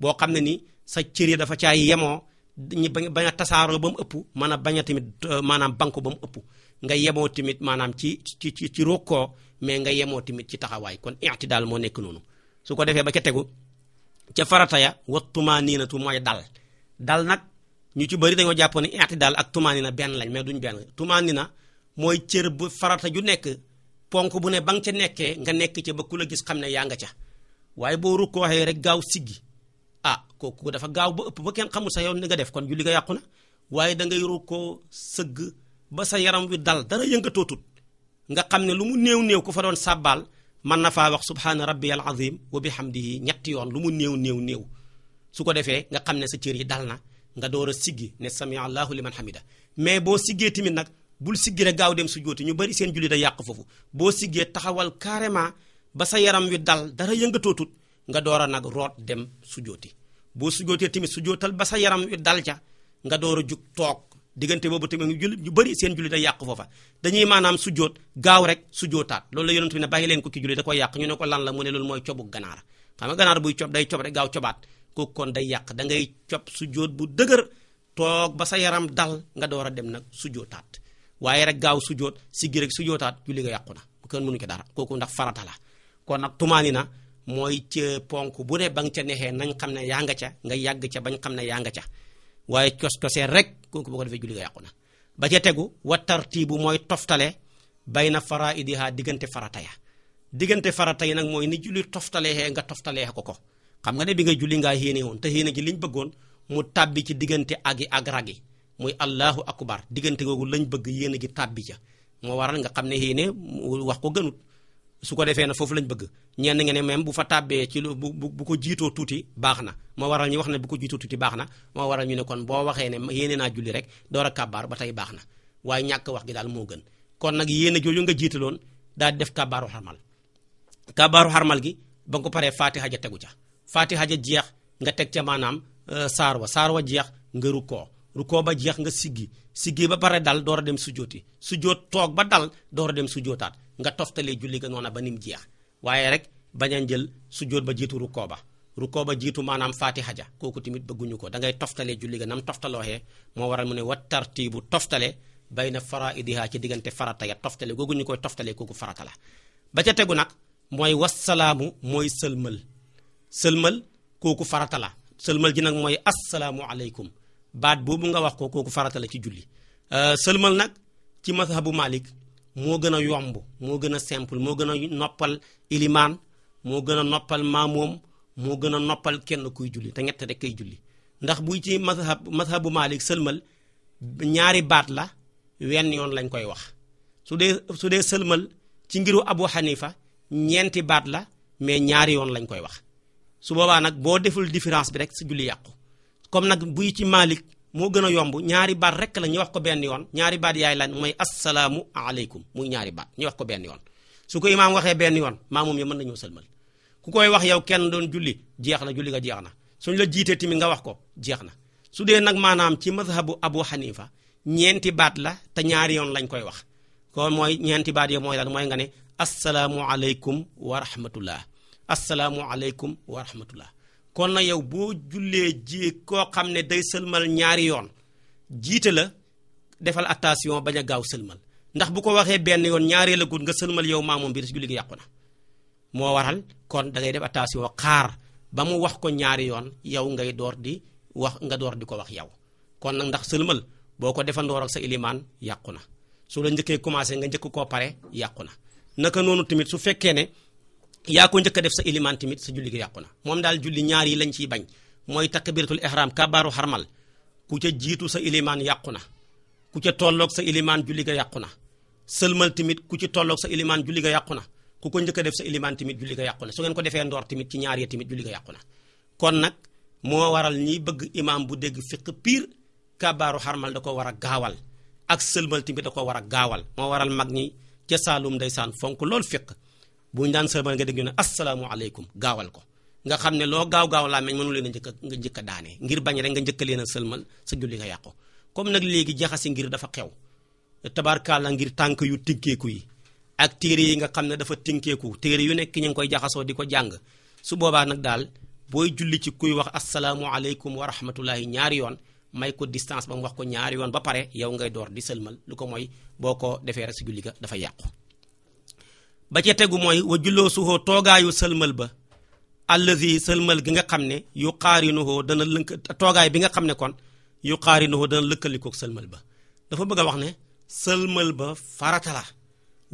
Speaker 1: boo xam ne ni sa cër yi dafa caay yemoo ñu bañ bañ a tasaaroo ba mu ëpp mën a bañ a tamit euh, maanaam banku ba mu ëpp nga yemoo tamit maanaam ci ci ci ci rukkoo mais nga yemoo tamit ci taxawaay kon daal moo nekk noonu su ko defee ba ca tegu ca farata ya wa tumaninatu mooy dal dal nag ñu ci bëri dañoo jàpp ne daal ak tumanina benn lañ mais duñ benn tumanina mooy cër bu farata ju nekk ponk bu ne ba nga ca nekkee nga nekk ca ba ku la gis xam ne yaa nga ca waaye boo rukkoo xëy rek gaaw siggi kooku dafa gaaw ba ëpp ba kenn xamul sa yoon li nga def kon julli nga yàqu na waaye da ngay rukkoo sëgg ba sa yaram wi dal dara yëngatootul nga xam ne lu mu néew néew ku fa doon sàbbaal mën na faa wax subhaana rabbiyal azim wa bihamdihi ñetti yoon lu mu néew néew néew su ko defee nga xam ne sa cër yi dal na nga door a siggi ne sami allahu liman hamida mais boo siggee tamit nag bul siggi gaaw dem sujjóoti ñu bari seen julli da yàq foofu boo siggee taxawal carrément ba sa yaram wi dal dara yëngatootul nga door a nag root dem sujjóoti boo sujootee tamit sujootal ba sa yaram dal ca nga door a jug toog diggante boobu tamit ñu julli ñu bëri seen julli day yàq foofa dañuy maanaam sujoot gaaw rek sujootaat loolu la yonent ne bay leen ko ki julli da koy yàq ñu ne ko lan la mu ne loolu mooy cobu ganaar xam nga ganaar buy cob day cob rek gaaw cobaat kooku kon day yàq da ngay cob sujoot bu dëgër toog ba sa yaram dal nga door a dem nag sujootaat waaye rek gaaw sujoot si gi rek sujootaat julli nga yàqu na kenn mënu ko dara kooku ndax farata la ko nag tumaani na mooy ca ponk bu ne ba nga ca nexee nañ xam ne yaa nga ca nga yàgg ca bañ xam ne yaa nga ca waaye cos-cosee rek kooku boo ko defee julli nga yàqu na ba ca tegu wa tartiibu mooy toftale bayna faraidiha diggante farata ya diggante fara yi nag mooy ni julli toftalee nga toftalee ko ko xam nga ne bi nga julli ngaa yéene woon te yéene ji liñ bëggoon mu tàbbi ci diggante agi ak ragi muy allahu akbar diggante googu lañ bëgg yéene gi tàbbi ca moo waral nga xam ne yéene wax ko gënut su ko defee na foofu lañ bëgg ñenn nga ne même bu fa tàbbee ci lu bu bu ko jiitoo tuuti baax na moo waral ñu wax ne bu ko jiitoo tuuti baax na moo waral ñu ne kon boo waxee ne yéene naa julli rek doora a kàbbaar ba tey baax na waaye ñàkk wax gi daal moo gën kon nag yéene jooju nga jiitaloon daal di def kàbbaaru xarmal kàbbaaru xarmal gi ba nga paree faatiha ja tegu ca faatiha ja jeex nga teg ca maanaam euh, saar wa wa jeex nga rukkoo rukkoo ba jeex nga siggi siggi ba pare dal door a dem sujjooti sujjoot toog ba dal door a dem sujjootaat nga toftalee julli ga noona ba nim jeex waaye rek bañ a jël sujjóot ba jiitu rukkoo ba rukkoo ba jiitu maanaam fatiha ja kooku tamit bëgguñu ko da ngay toftalee julli ga nam toftalooxee moo waral mu ne wa bay na faraa faraidiha ci diggante farata ya toftale googu ñu koy toftalee kooku farata la ba ca tegu nag mooy wasalaamu mooy sëlmal sëlmal kooku farata la sëlmal ji nag mooy assalaamu aleykum baat boobu nga wax ko kooku farata la ci julli euh, sëlmal nag ci mazhabu Malik moo gën a yomb moo gën a simple moo gën a noppal ilimaan moo gën a noppal maamoom moo gën a noppal kenn kuy julli te ñett rek kay julli ndax buy ci mazhab mazhabu Maalik sëlmal ñaari baat la wenn yoon lañ koy wax su dee su dee sëlmal ci ngiru Abu Hanifa ñeenti baat la mais ñaari yoon lañ koy wax su boobaa nag boo deful différence bi rek si julli yàqu comme nag buy ci Maalik moo gën a yomb ñaari baat rek la ñu wax ko benn yoon ñaari baat yaay lan mooy assalaamu aleykum muy ñaari baat ñu wax ko benn yoon su ko imaam waxee benn yoon maamoom ya mën nañoo sëlmal ku koy wax yow kenn doon julli jeex na julli nga jeex na suñ la jiitee tamit nga wax ko jeex na su dee nag maanaam ci mazhabu abu hanifa ñeenti baat la te ñaari yoon lañ koy wax ko mooy ñeenti baat yo mooy lan mooy nga ne assalaamu aleykum wa rahmatullah assalaamu aleykum wa rahmatullah kon na yow boo jullee ji koo xam ne day sëlmal ñaari yoon jiite la defal attention bañ a gaaw sëlmal ndax bu ko waxee benn yoon ñaaree la gudd nga sëlmal yow maamoom bi des julli gi yàqu na moo waral kon dangay ngay def attention xaar ba mu wax ko ñaari yoon yow ngay door di wax nga door di ko wax yow kon nag ndax sëlmal boo ko defandoor ak sa ilimaan yàqu na su la njëkkee commencé nga njëkk koo pare yàqu na naka noonu tamit su fekkee ne yaa ko njëkk def sa ilimaan tamit sa julli gi yàqu na moom daal julli ñaar yi lañ ciy bañ mooy takbiratul ihram kabaaru xarmal ku ca jiitu sa ilimaan yàqu na ku ca tolloog sa ilimaan julli yàqu na sëlmal tamit ku ci tolloog sa ilimaan julli ga yàqu na ku ko njëkk def sa ilimaan tamit julli ga yàqu na su ngeen ko defee ndoor tamit ci ñaar ya tamit julli na kon nag moo waral ñiy bëgg imaam bu dégg fiq pire kabaaru xarmal da ko war a gaawal ak sëlmal tamit da ko war a gaawal moo waral mag ñi ca Saalum saan fonk lool fiq buñ daan sëlmal nga dégg ñu ne asalaamaaleykum gaawal ko nga xam ne loo gaaw gaaw laa mënu leen a nga njëkk daane daanee ngir bañ rek nga njëkk leen a sëlmal sa julli nga yàqu comme nag léegi jaxasi ngir dafa xew tabarkalla ngir tànk yu tinkeeku yi ak téere yi nga xam ne dafa tinkeeku téere yu nekk ñu ngi koy jaxasoo di ko jàng su boobaa nag daal booy julli ci kuy wax asalaamualeykum wa rahmatulahi ñaari yoon may ko distance ba mu wax ko ñaari yoon ba pare yow ngay door di sëlmal lu ko mooy boo ko defee rek si julli ga dafa yàqu ba ca tegu mooy wa julloo suhoo toogaayu sëlmal ba allazi sëlmal gi nga xam ne yu nu xaarinuhoo dana lënk toogaay bi nga xam ne kon yu xaari xaarinuhoo dana lëkkalikook sëlmal ba dafa bëgg a wax ne sëlmal ba farata la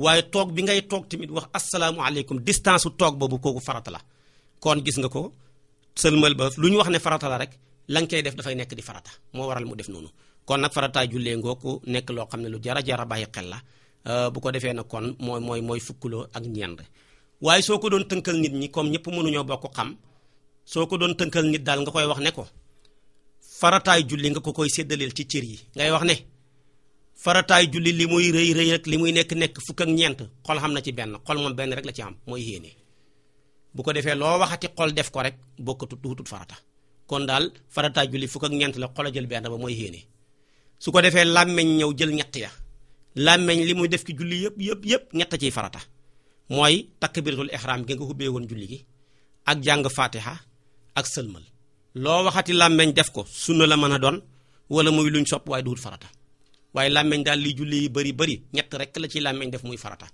Speaker 1: waaye toog bi ngay toog tamit wax asalaamualeykum distance su toog boobu kooku farata la kon gis nga ko sëlmal ba lu ñu wax ne farata la rek la nga koy def dafay nekk di farata moo waral mu def noonu kon nag farataay jullee ngoo ko nekk loo xam ne lu jara jara bàyyi xel la Euh, bu ko defee nag kon mooy mooy mooy fukkuloo ak ñeent waaye soo ko doon tënkal nit ñi comme ñëpp mënuñoo bokk xam soo ko doon tënkal nit daal nga koy wax ne ko farataay julli nga ko koy séddaleel ci cër yi ngay wax ne farataay julli li muy rëy rëy rek li muy nekk nekk fukk ak ñeent xol xam na ci benn xol moom benn rek la ci am mooy yéene bu ko defee loo waxati xol def ko rek bokkatu duutut farata kon daal farataay julli fukk ñeent la xol a jël benn ba mooy yéene su ko defee làmmeñ ñëw jël ñett ya làmmeñ li muy def ci julli yëpp yëpp yëpp ñett ciy farata mooy takbiratul ihram gi nga xubbee woon julli gi ak jàng fatiha ak sëlmal loo waxati làmmeñ def ko sunna la mën a doon wala muy luñ sopp waaye duwut farata waaye làmmeñ daal li julli yi bëri bëri ñett rek la ci làmmeñ def muy farata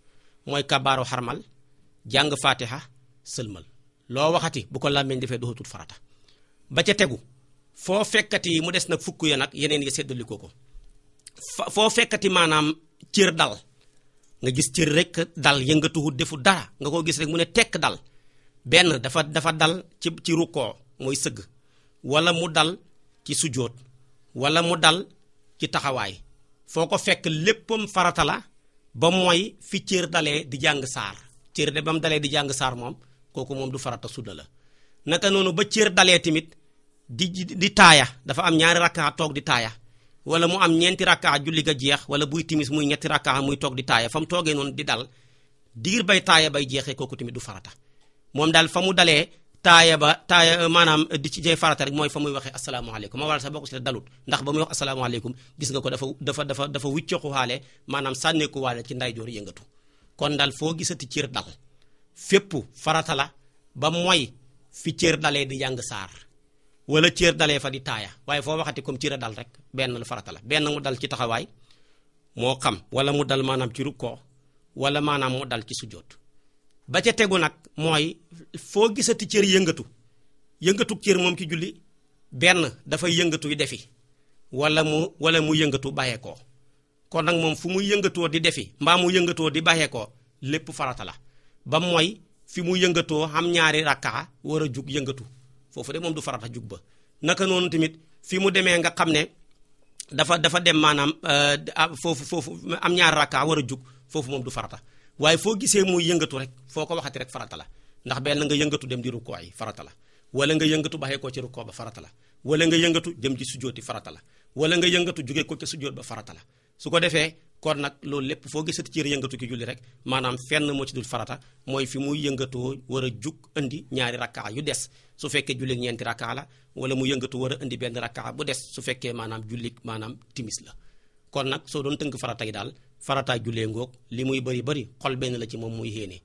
Speaker 1: mooy kabaaru xarmal jàng fatiha sëlmal loo waxati bu ko làmmeñ defee duwutul farata ba ca tegu foo fekkati mu des nag fukk ya nag yeneen yi seddalikoo ko foo fekkati maanaam cër dal nga gis cër rek dal yëngatuwut defu dara nga koo gis rek mu ne tekk dal benn dafa dafa dal ci ci rukkoo mooy sëgg walla mu dal ci sujoot walla mu dal ci taxawaay foo ko fekk léppam farata la ba mooy fi cër dalee di jàng saar cër de ba mu dalee di jàng saar moom kooku moom du farata sunna la naka noonu ba cër dalee tamit di di taaya dafa am ñaari rakka toog di taaya wala mu am ñeenti rakkaa julli ga jeex wala buy timis muy ñetti rakkaa muy toog di taaya fa mu toogee noonu di dal diir bay taaya bay jeexee kooku tamit du farata moom daal fa mu dalee taaya ba taaya euh, maanaam euh, di ci jey farata rek mooy fa muy waxee asalaamaaleykum ma waral sa bokk si la dalut ndax ba muy wax asalaamaaleykum gis nga ko dafa dafa dafa dafa wiccoxu waale maanaam sànneeku waale ci nday joor yëngatu kon dal foo gisati cër dal fépp farata la ba mooy fi cër dalee di jàng saar wala cër dalee fa di taaya waaye foo waxati comme cër a dal rek benn lu farata la benn mu dal ci taxawaay moo xam wala mu dal maanaam ci rukkoo wala maanaam mu dal ci sujjóot ba ca tegu nag mooy foo gisati cër yëngatu yëngatu cër moom ci julli benn dafay yëngatuy defi wala mu wala mu yëngatu bàyyeekoo kon nag moom fu muy yëngatoo di defi mbaa mu yëngatoo di bàyyeekoo lépp farata la ba mooy fi mu yëngatoo am ñaari rakkaa war a jug yëngatu foofu de moom du farata jug ba naka noonu tamit fi mu demee nga xam ne dafa dafa dem maanaam euh, foofu foofu am ñaar rakka war a jug foofu moom du farata waaye foo gisee muy yëngatu rek foo ko waxati rek farata la ndax benn nga yëngatu dem di rukkoo farata la wala nga yëngatu baxee ko ci rukkoo ba farata la wala nga yëngatu jëm ci sujooti farata la wala nga yëngatu jugee ko ci sujoot ba farata la su ko defee kon nag loolu lépp foo gisati ci yëngatu ci julli rek maanaam fenn moo ci dul farata mooy fi muy yëngatoo war a jug indi ñaari rakkaa yu des su fekkee jullik ñeenti rakka la wala mu yëngatu war a indi benn rakka bu des su fekkee maanaam jullik maanaam timis la kon nag soo doon tënk faratay daal farataa jullee ngoog li muy bëri bëri xol benn la ci moom muy yéene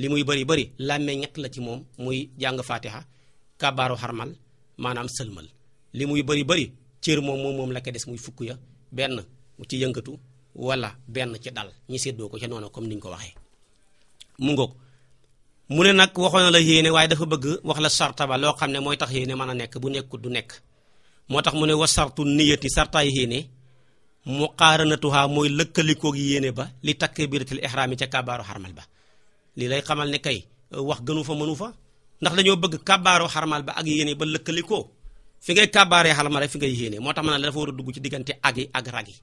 Speaker 1: li muy bëri bëri làmmee ñett la ci moom muy jàng fatiha kabaaru xarmal maanaam sëlmal li muy bëri bëri cër moom moom moom la ko des muy fukk ya benn ci yëngatu wala benn ci dal ñi séddoo ko ca noonu comme niñ ko waxee mu ngoog mu ne nag waxoon la yéene waaye dafa bëgg wax la sarta ba loo xam ne mooy tax yéene mën a nekk bu nekkul du nekk moo tax mu ne wa sartu niyati sartaay yéene mu qaaranatuha mooy lëkkalikoog yéene ba li takbiratul ihram yi ca kabaaru xarmal ba lii lay xamal ne kay wax gënu fa mënu fa ndax dañoo bëgg kabaaru xarmal ba ak yéene ba lëkkalikoo fi ngay kabaaree xarmal rek fi ngay yéene moo tax ma a la dafa war a dugg ci diggante agi ak ragi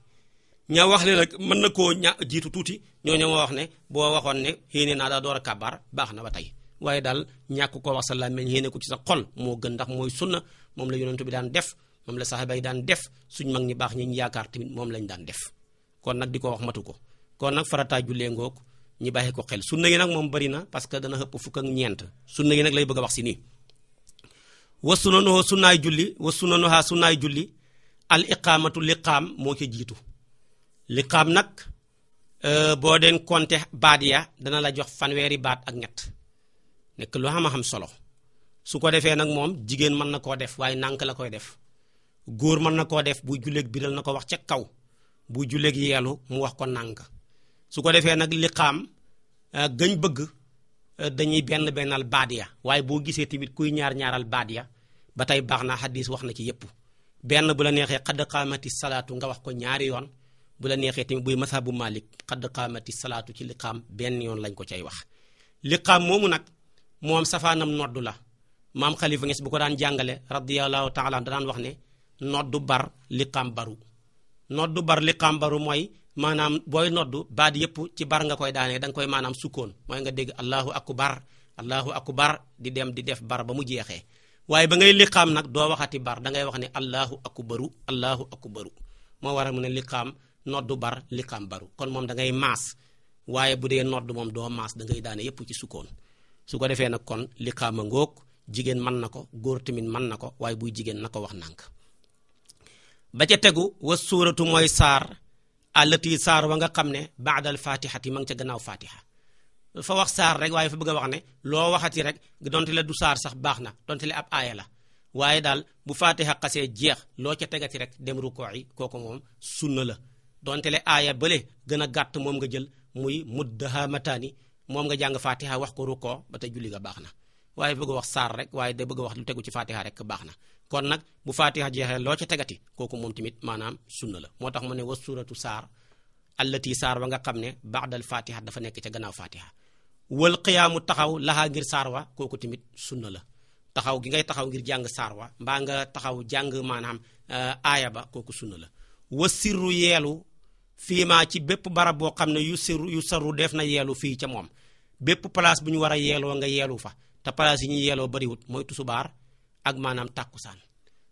Speaker 1: ña wax ne nag mën na koo ña jiitu tuuti ñoo ñooñu ma wax ne boo waxoon ne xéene naa daa door a kàbbaar baax na ba tey waaye daal ñàkk koo wax sa làmmiñ xéene ko ci sa xol moo gën ndax mooy sunna moom la yonentu bi daan def moom la saxaaba yi daan def suñ mag ñi baax ñi yaakaar tamit moom lañ daan def kon nag di ko wax matu ko kon nag farataa jullee ngoog ñi bàyyi ko xel sunna yi nag moom bari na parce que dana xëpp fukk ak ñeent sunna yi nag lay bëgg wax si nii wa sunanoha sunnaay julli wa sunanoha sunnaay julli al iqaamatu liqaam moo ci jiitu liqaam nag euh, boo deen compter baat ya dana la jox fanweeri baat ak ñett nekk lu xam a xam solo su ko defee nag moom jigéen mën na koo def waaye nànk la koy def góor mën na koo def buy julleeg biral na ko wax ca kaw buy julleeg yeelu mu wax ko nànk su ko defee nag liqaam euh, gëñ bëgg euh, dañuy benn bennal baat ya waaye boo gisee tamit kuy ñaar ñaaral baat ya ba tey baax na xadis wax na ci yépp benn bu la neexee xad qaamati salaatu nga wax ko ñaari yoon bu la neexee tamit buy masaabu Malik xadd qaamati salaatu ci liqaam benn yoon lañ ko cay wax. liqaam moomu nag moom safaanam noddu la maam xalifa Niass bu ko daan jàngale radiyallahu taala da daan wax ne noddu bar liqaam baru. noddu bar liqaam baru mooy maanaam booy noddu baat yépp ci bar nga koy daanee danga koy maanaam sukkoon mooy nga dégg allahu akbar allahu akbar di dem di def bar ba mu jeexee. waaye ba ngay liqaam nag doo waxati bar da ngay wax ne allahu akbaru allahu akbaru moo waral liqaam noddu bar liqaam baru kon moom da ngay maas waaye bu dee nodd moom doo maas da ngay daane yépp ci sukkoon su ko defee nag kon liqaama ngóog jigéen mën na ko góor tamit mën na ko waaye buy jigéen na ko wax nànk ba ca tegu wa suuratu mooy saar àllati saar wa nga xam ne baax baadal fatihati ma ngi ca gannaaw fatiha fa wax saar rek waaye fa bëgg a wax ne loo waxati rek donte la du saar sax baax na donte la ab aaya la waaye daal bu fatiha xasee jeex loo ca tegati rek dem kooku moom sunna la donte le aaya bële gën a gàtt moom nga jël muy muddahamataani moom nga jàng fatiha wax ko rukkoo ba te julli nga baax na waaye bëgg wax saar rek waaye da bëgg wax lu tegu ci fatiha rek baax na kon nag bu fatiha jeexee loo ci tegati kooku moom tamit maanaam sunna la moo tax mu ne wa suratu saar allati saar wa nga xam ne baax dal fatiha dafa nekk ci gannaaw fatiha wal mu taxaw laxaa ngir saar wa kooku tamit sunna la taxaw gi ngay taxaw ngir jàng saar wa mbaa nga taxaw maanaam eh, aaya ba kooku sunna la fii ci bépp barab boo xam ne yu siru yu saru def na yeelu fii ca moom bépp place bu ñu war a yeeloo nga yeelu fa te place yi ñuy yeeloo bariwut mooy tusubaar ak maanaam tàkkusaan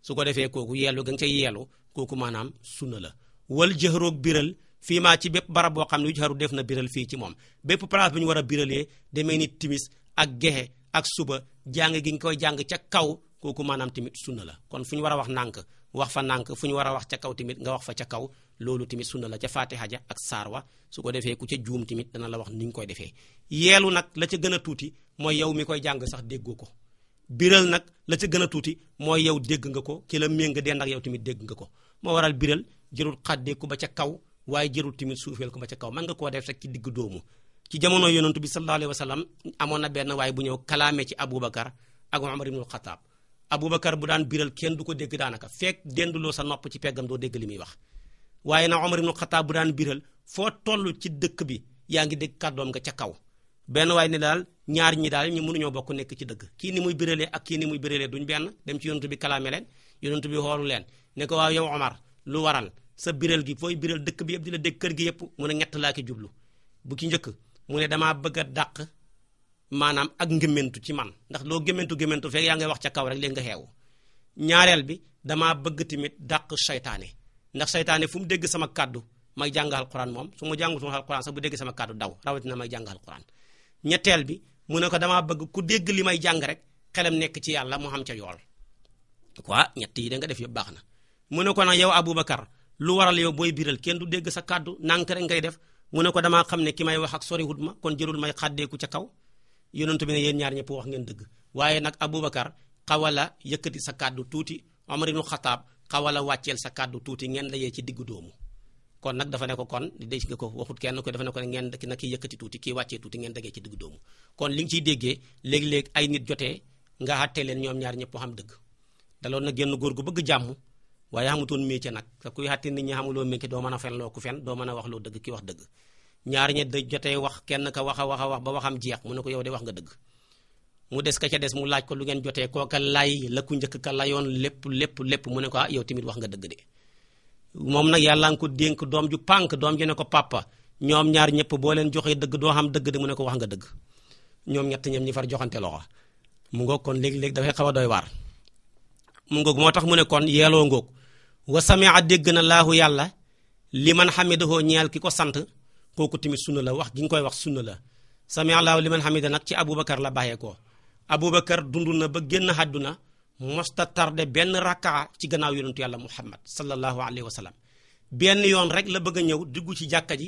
Speaker 1: su ko defee kooku yeelu ga nga cay yeelu kooku maanaam sunna la wal jëxroog biral fii maa ci bépp barab boo xam ne yu jaxaru def na biral fii ci moom bépp place bu ñu war a biralee demee ni timis ak gexe ak suba jàng gi nga koy jàng ca kaw kooku maanaam tamit sunna la kon fu ñu war a wax nànk wax fa nànk fu ñu war a wax ca kaw tamit nga wax fa ca kaw loolu tamit sunna la ca faatiha ja ak saar wa su ko defee ku ca juum tamit dana la wax ni ñu koy defee yeelu nag la ca gën a tuuti mooy yow mi koy jàng sax déggoo ko biral nag la ca gën a tuuti mooy yow dégg nga ko ki la méng dend ak yow tamit dégg nga ko moo waral biral jërul xàddee ku ba ca kaw waaye jërul tamit suufeel ku ba ca kaw mën nga koo def rek ci digg doomu ci jamono yonentu bi sallallahu alayhi wa sallam amoon na benn waaye bu ñëw kalaamee ci Abubakar ak Umar ibnul Xataab Aboubacar bu daan biral kenn du ko dégg daanaka fekk denduloo sa nopp ci peggam doo dégg li muy wax waaye na Omar nu Khattab bu daan biral foo tollu ci dëkk bi yaa ngi dégg kàddoom nga ca kaw benn waaye ne daal ñaar ñi daal ñu mënuñoo bokk nekk ci dëkk kii ni muy biralee ak kii ni muy biralee duñu benn dem ci yonentu bi kalaame leen yonentu bi xoolu leen ne ko waaw yow Omar lu waral sa biral gi fooy biral dëkk bi yëpp di la dégg kër gi yëpp mu ne ñett laa jublu bu ki njëkk mu ne damaa bëgg a dàq maanaam ak ngëmmentu ci man ndax loo gëmmentu gëmmentu fekk yaa ngay wax ca kaw rek léegi nga xeewu ñaareel bi damaa bëgg tamit dàq saytaane ndax saytaane fu mu dégg sama kàddu may jàngal alquran moom su ma jàngu suma alquran bu dégg sama kàddu daw rawatina may jàngal alquran ñetteel bi mu ne ko damaa bëgg ku dégg li may jàng rek xelam nekk ci yàlla mu xam ca yool quoi ñett yi da nga def yëpp baax na mu ne ko nag yow Aboubacar lu waral yow booy biral kenn du dégg sa kàddu nànk rek ngay def mu ne ko damaa xam ne ki may wax ak soriwut ma kon jërul may xàddeeku ca kaw yonentu bi ne yéen ñaar ñëpp wax ngeen dëgg waaye nag Aboubacar xawala yëkkati sa kàddu tuuti Omar ibnu Xataab xawala wàcceel sa kàddu tuuti ngeen la ci diggu doomu kon nag dafa ne ko kon dégg nga ko waxut kenn ko dafa ne ko ngeen na kii yëkkati tuuti tuuti ngeen dagee ci diggu doomu kon li nga ciy déggee léegi-léegi ay nit jotee nga àttee leen ñoom ñaar ñëpp xam dëgg daloon na génn góor gu bëgg jàmm waaye xamutoon métier nag sa kuy àtte nit ñi xamuloo métier doo mën a fen loo ku fen doo mën a wax loo dëgg wax dëgg ñaar ña dëj jotee wax kenn ka wax a wax a wax ba waxam jeex mu ne ko yow de wax nga dëgg mu des ka ca des mu laaj ko lu ngeen jotee kooka lay la ku njëkk ka layoon lépp lépp lépp mu ne ko ah yow tamit wax nga dëgg de moom nag yàlla nga ko dénk doom pànk doom ju ko papa ñoom ñaar ñëpp boo leen joxee dëgg doo xam dëgg de mu ne ko wax nga dëgg ñoom ñett ñoom ñi far joxante loxo mu ngoog kon léegi-léegi dafay xaw a doy waar mu ngoog moo tax mu ne kon yeeloo ngoog wa samia dégg na laahu yàlla li man xamidahoo ñeel ki ko sant kooku tamit sunna la wax gi nga koy wax sunna la sami allahu liman hamida nag ci abu aboubacar la bàyyee ko aboubacar dund na ba génn àdduna mosta tarde benn rakka ci gannaaw yonentu yàlla muhammad sallallahu alayhi wa sallam benn yoon rek la bëgg a ñëw dugg ci jàkka ji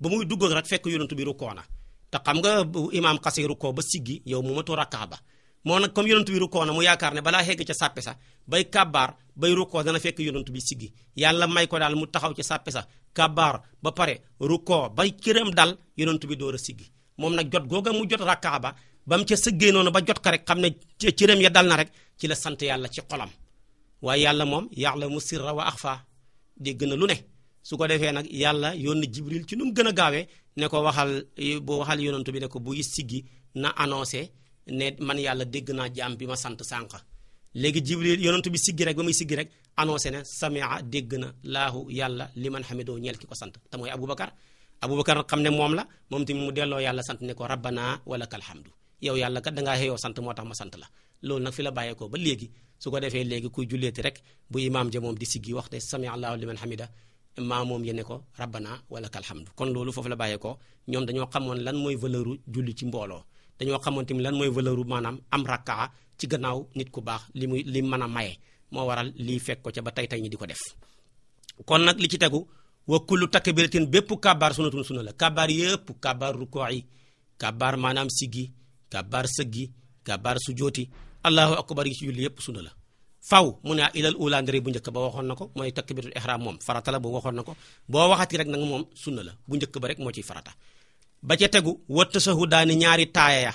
Speaker 1: ba muy duggoon rek fekk yonentu bi rukkoo na te xam nga imaam xasee rukkoo ba siggi yow mu matoo rakka ba moo nag comme yonentu bi rukkoo na mu yaakaar ne balaa xegg ca sàppe sa bay kàbbaar bay rukkoo dana fekk yonentu bi siggi yàlla may ko daal mu taxaw ci sàppe sa kabaar ba pare rukkoo bay cëram dal yonent bi door a siggi moom nag jot googa mu jot rakkaa ba ba mu ca sëggee noonu ba jot ka rek xam ne cëram ya dal na rek ci la sant yàlla ci xolam waaye yàlla moom ya'lamu sirra wa fa dégg na lu ne su ko defee nag yàlla yónni jibril ci nu gën a gaawee ne ko waxal bu waxal yonent bi ne ko buy siggi na annoncé ne man yàlla dégg naa jaam bi ma sant sànq léegi jibril yonentu bi siggi rek ba muy siggi rek annoncé ne samia dégg na laahu yàlla liman hamidoo ñeel ki ko sant te mooy aboubacar aboubacar xam ne moom la moom tamit mu delloo yàlla sant ne ko rabbana walakal hamdu yow yàlla kat dangaa xëyoo sant moo tax ma sant la loolu nag fi la bàyyeekoo ba léegi su ko defee léegi kuy julleeti rek bu imaam moom di siggi waxte samia allahu liman hamida maa moom yene ko rabbana walakal hamdu kon loolu foofu la bàyyeekoo ñoom dañoo xamoon lan mooy valeur julli ci mbooloo dañoo xamoon tamit lan mooy valeur maanaam am rakkaa ci gannaaw nit ku baax li muy li mën a maye moo waral lii fekk ko ca ba tey tey ñi di ko def kon nag li ci tegu wa takk takbiratin bépp kabaar sunatun sunna la kabaar yëpp kabaar rukoo yi kabaar maanaam siggi kabaar sëggi kabaar sujooti allahu akbar yi ci julli yëpp sunna la faw mu ne ah ilal ula bu njëkk ba waxoon na ko mooy takbiratul ihram moom farata la boobu waxoon na ko boo waxati rek nag moom sunna la bu njëkk ba rek moo ciy farata ba ca tegu wa tasahudaani ñaari taaya ya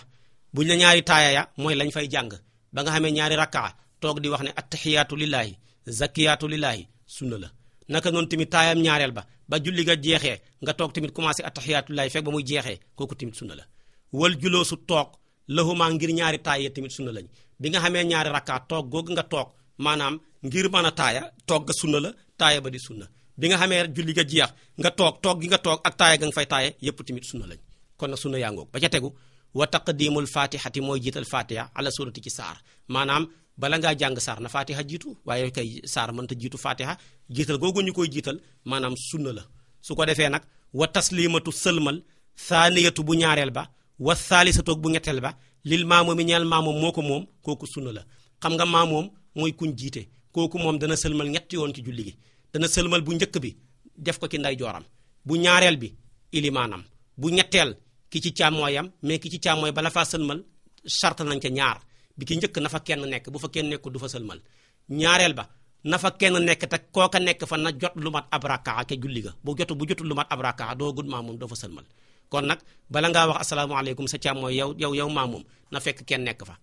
Speaker 1: ñaari taaya ya mooy lañ fay jàng ba nga xamee ñaari rakkaa toog di wax ne attaxiyaatu lillaahi zakiyaatu lillaahi sunna la naka noonu tamit taayam ñaareel ba ba julli ga jeexee nga toog tamit commencé attaxiyaatu lillaahi fekk ba muy jeexee kooku tamit sunna la wal juloosu toog lahumaa ngir ñaari taaya tamit sunna lañ bi nga xamee ñaari rakkaa toog googu nga toog maanaam ngir mën a taaya toog ga la taaya ba di sunna bi nga xamee julli ga jeex nga toog toog gi nga toog ak taaya ga nga fay taaya yépp tamit sunna lañ kon nag sunna yaa ngoog ba ca tegu wa taqdimul fatihati mooy jiital fatiha ala surati ci saar maanaam bala ngaa jàng saar na fatiha jiitu waaye kay saar mënta jiitu fatiha jiital googu ñu koy jiital maanaam sunna la su ko defee nag wa taslimatu sëlmal thaniyatu bu ñaareel ba wa thaalisatu bu ñetteel ba lil maamu mi ñeel maamoom moo ko moom kooku sunna la xam nga maamoom mooy kuñ jiite kooku moom dana sëlmal ñetti yoon ci julli gi dana sëlmal bu njëkk bi def ko ci nday jooram bu ñaareel bi ilimaanam bu ñetteel ki ci càmmooyam mais ki ci càmmooy bala faa sëlmal sartal nañ ca ñaar bi ki njëkk na fa kenn nekk bu fa kenn nekkul du fa sëlmal ñaareel ba nafa fa kenn nekk te kooka nekk fa na jot lu mat ab rakaa ke julli ga bu jotu lu mat ab rakaa doo gudd maamum doo fa sëlmal kon nag bala ngaa wax asalaamaaleykum sa càmmooy yow yow yow maamum na fekk kenn nekk fa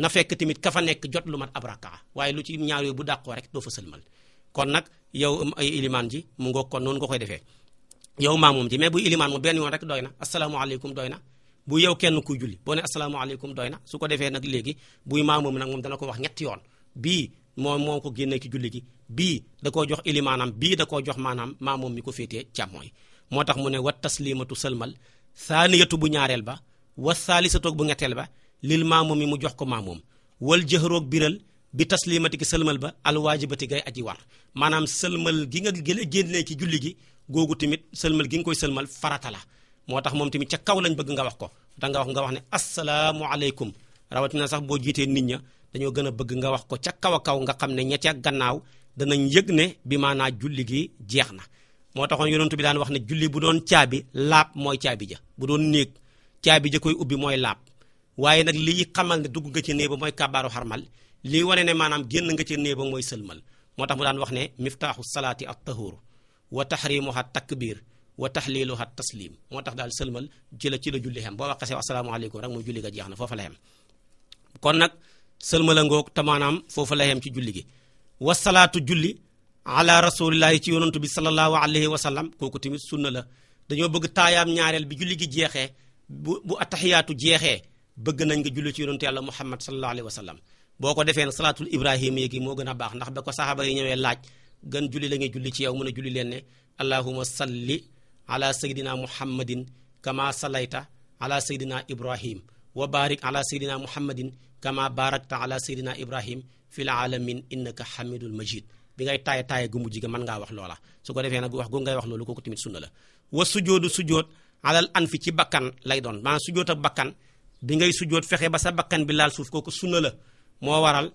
Speaker 1: na fekk tamit ka fa nekk jot lu mat ab waaye lu ci ñaar yooyu bu daqoo rek doo fa sëlmal kon nag yow ay ilimaan ji mu ngoog kon noonu nga koy defee yow maa moom ji mais bu ilimaan mu benn yoon rek doy na asalaamaaleykum doy na bu yow kenn kuy julli boo ne asalaamaaleykum doy na su ko defee nag léegi buy maa moom nag moom dana ko wax ñetti yoon bii moom moo ko génnee ki julli gi bii da jox ilimaanam bii da koo jox maanaam maa mi ko féetee càmmooy moo tax mu ne wat wa taslimatu sëlmal saaniyatu bu ñaareel ba wa saalisatoog bu ñetteel ba lil maa moom mi mu jox ko maa moom wal jëxroog biral bi taslimati ki sëlmal ba alwaajibati gay aji war maanaam sëlmal gi nga gën a génnee ci julli gi googu tamit sëlmal gi nga koy sëlmal farata la moo tax moom tamit ca kaw lañ bëgg nga wax ko danga wax nga wax ne assalaamu aleykum rawatina sax boo jiitee nit ña dañoo gën a bëgg nga wax ko ca kaw a kaw nga xam ne ñetti ak gannaaw danañ yëg ne bi maanaa julli gi jeex na moo taxoon yonentu bi daan wax ne julli bu doon caabi laab mooy caabi ja bu doon néeg caabi ja koy ubbi mooy laab waaye nag lii xamal dugg nga ci néeg mooy kabaaru xarmal lii wane ne maanaam génn nga ci néeg ba mooy sëlmal moo tax mu daan wax ne miftaaxu salaati at tahur wa tahrimuha takbir wa tahliluha taslim moo tax daal sëlmal ci la ci la julli xem boo waxasee asalaamaaleykum rek mooy julli nga jeex na foofa la xem kon nag sëlmal a ngoog te maanaam foofa la xem ci julli gi salaatu julli ala rasulillahi ci yonantu bi sallallahu alayhi wa sallam kooku tamit sunna la dañoo bëgg taayaam ñaareel bi julli gi jeexee bu bu ataxiyaatu jeexee bëgg nañ nga julli ci yonantu yàlla muhammad sallallahu alayhi wa sallam boo ko defee nag salaatul ibrahima yi moo gën a baax ndax ba ko saxaaba yi ñëwee laaj gën julli la ngay julli ci yow mën a julli leen ne allahuma salli ala sayidina muhammadin kama salayta ala sayidina ibrahim wa barik ala sayidina muhammadin kama barakta ala sayidina ibrahim fil alamin innaka hamidul majid bi ngay taaye taaya gu mujj ga man ngaa wax loola su ko defee nag wax gu ngay wax loolu kooku tamit sunna la wa sujoodu sujood alal an fi ci bakkan lay doon maanaam sujood ak bakkan bi ngay sujood fexe ba sa bakkan bi laal suuf kooku sunna la moo waral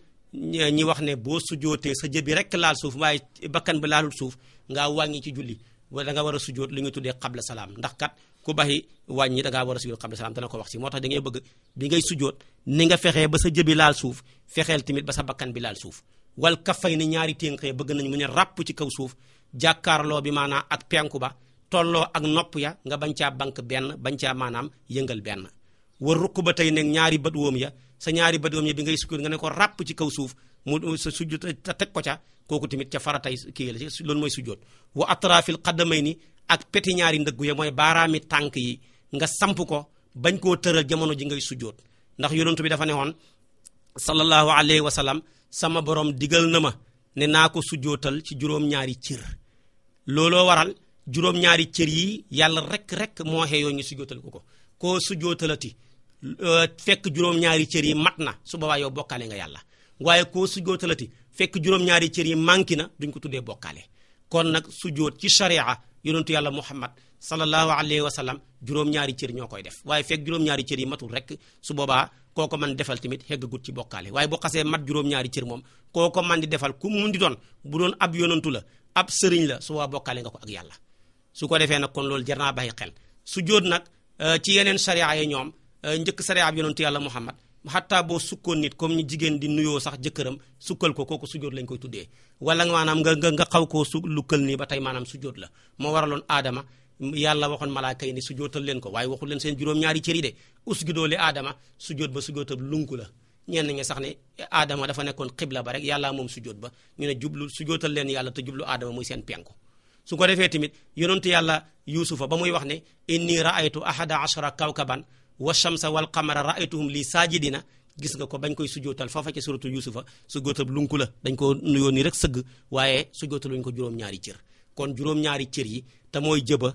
Speaker 1: ñi wax ne boo sujootee sa jë bi rek laal suuf waaye bakkan bi laalul suuf ngaa wàññi ci julli wala danga war a sujoot li nga tuddee xabla salaam ndax kat ku baxi wàññi da ngaa war a sujoot xabla salaam dana ko wax si moo tax dangay bëgg bi ngay sujoot ni nga fexee ba sa jëbi laal suuf fexeel tamit ba sa bakkan bi laal suuf wal kafay ni ñaari ténqee bëgg nañ mu ne ràpp ci kaw suuf jàkkaarloo bi maanaam ak penku ba tolloo ak nopp ya nga bañ caa bank benn bañ caa maanaam yëngal benn war rukk ba tey ne ñaari bët woom ya sa ñaari bët yi bi ngay sukkoon nga ne ko ràpp ci kaw suuf mu sa sujjut te teg ko ca kooku tamit ca faratay kii la loolu mooy sujjoot wa atrafil ni ak peti ñaari ndëggu ya mooy baaraami tànk yi nga samp ko bañ koo tëral jamono ji ngay sujjoot ndax yonentu bi dafa ne woon sallallahu alayhi wa sallam sama borom digal na ma ne naa ko sujjootal ci juróom-ñaari cër looloo waral juróom-ñaari cër yi yàlla rek rek moo xeeyoo ñu sujjootal ko ko koo sujjootalati Euh, fekk juróom-ñaari cër yi mat na su boobaa yow bokkaale nga yàlla waaye koo sujjootalati fekk juróom-ñaari cër yi manqué na duñ ko tuddee bokkaale kon nag sujjoot ci sharia yonentu yàlla muhammad sallallahu alayhi wa sallam juróom-ñaari cër ñoo koy def waaye fekk juróom-ñaari cër yi matul rek su boobaa koo ko mën defal tamit heggagut ci bokkaale waaye bu xasee mat juróom-ñaari cër moom koo ko mën di defal ku mun di doon bu doon ab yonentu la ab sëriñ la su waa bokkaale nga ko ak yàlla su ko defee nag kon loolu jar naa bàyyi xel sujjoot nag euh, Euh, njëkk sariya ab yonentu yàlla Muhammad xataa boo sukkoon nit comme ñu jigéen di nuyoo sax jëkkëram sukkal ko kooku sujjóot lañ koy tuddee wala maanaam nga nga nga xaw koo su lukkal nii ba tey maanaam sujjóot la moo waraloon aadama yàlla waxoon malaaka yi ne sujjóotal leen ko waaye waxul leen seen juróom-ñaari cër yi de usgidoo li aadama sujjóot ba sujjóotab lunku la ñenn ñi sax ne aadama dafa nekkoon xibla ba rek yàlla moom sujjóot ba ñu ne jublu sujjóotal leen yàlla ta jublu aadama muy seen penku su ko defee tamit yonentu yàlla yuusufa ba muy wax ne inni raaytu ahada ashara kawkaban wa shamsa wal qamara ra'aytuhum lii saajidina gis nga ko bañ koy sujootal foofa ca suratu yusufa sujootab lunku la dañ ko nuyoo ni rek sëgg waaye sujootaluñ ko juróom-ñaari cër kon juróom-ñaari cër yi te mooy jëba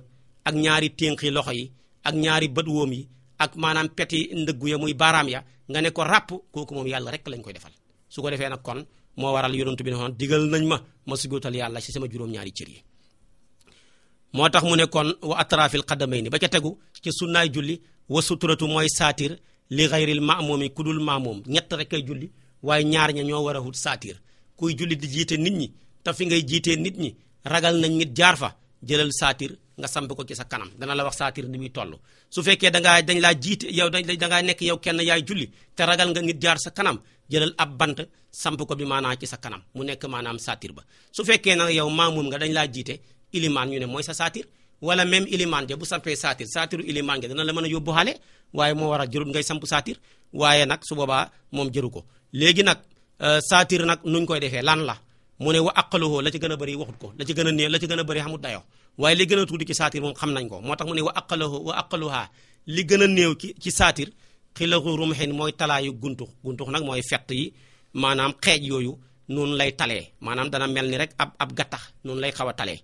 Speaker 1: ak ñaari ténqi loxo yi ak ñaari bët wóom yi ak maanaam peti ndëggu ya muy baaraam ya nga ne ko ràpp kooku moom yàlla rek lañ koy defal su ko defee nag kon moo waral yonent bi ne digal nañ ma ma sujootal yàlla ci sama juróom-ñaari cër yi moo tax mu ne kon wa atrafil xadamayni ba ca tegu ci sunnaay julli wa suturatu mooy saatir li xayril maamoomi ku dul maamoom ñett rek kay julli waaye ñaar ña ñoo war saatir kuy julli di jiite nit ñi te fi ngay jiitee nit ñi ragal nañ nit jaar fa jëlal saatir nga samp ko ci sa kanam dana la wax saatir ni muy toll su fekkee dangaa dañ laa jiite yow da dangaa nekk yow kenn yaay julli te ragal nga jaar sa kanam jëlal ab bant samp ko bi maanaam ci sa kanam mu nekk maanaam saatir ba su fekkee nag yow maamoom nga dañ laa jiite ilimaan ñu ne mooy sa saatir wala même ilimaan ja bu sampee saatir saatiru ilimaan ga dana la mën a yóbbu xale waaye moo war a jërut ngay samp saatir waaye nag su boobaa moom jëru ko léegi nag euh, saatir nag nuñ koy defee lan la mu ne wa aqaluhu la ci gën a bëri ko la ci gën a néew la ci gën a bëri xamut dayo waaye li gën tuuti ci saatir xam nañ ko tax mu ne wa aqaluhu wa aqaluha li gën a néew ci ci saatir xilaxu rumxin mooy talaayu guntux guntux nag mooy fett yi maanaam xeej yooyu noonu lay talee maanaam dana mel ni rek ab ab gattax noonu lay xaw a talee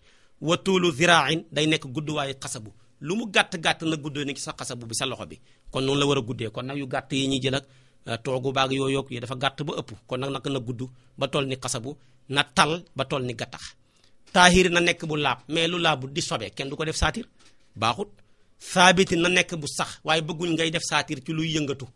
Speaker 1: wa tuulu ziraain day nekk gudd waaye xasabu lu mu gàtt-gàtt nag guddoo ni ci sa xasabu bi sa loxo bi kon noonu la war a guddee kon nag yu gàtt yi ñuy jël ak euh, toogu baag yooyu yokk yi dafa gàtt ba ëpp kon nag nag na gudd ba toll ni xasabu na tal ba toll ni gattax taahir na nekk bu laab mais lu laabu di sobe kenn du ko def saatir baaxut saabiti na nekk bu sax waaye bëgguñ ngay def saatiir ci luy yëngatu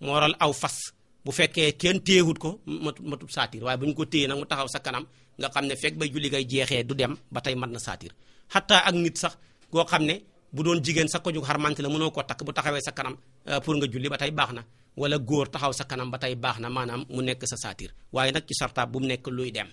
Speaker 1: mooral aw fas bu fekkee kenn téyewut ko matu matut saatir waaye bu ñu ko téye nag mu taxaw sa kanam nga xam ne fekk bay julli ngay jeexee du dem ba tey mat na saatiir xataa ak nit sax koo xam ne bu doon jigéen sa ko jug xarmante la mënoo ko takk bu taxawee sa kanam euh, pour nga julli ba tey baax na góor taxaw sa kanam ba tey baax na maanaam mu nekk sa saatir waaye nag ci sartaab bu mu nekk luy dem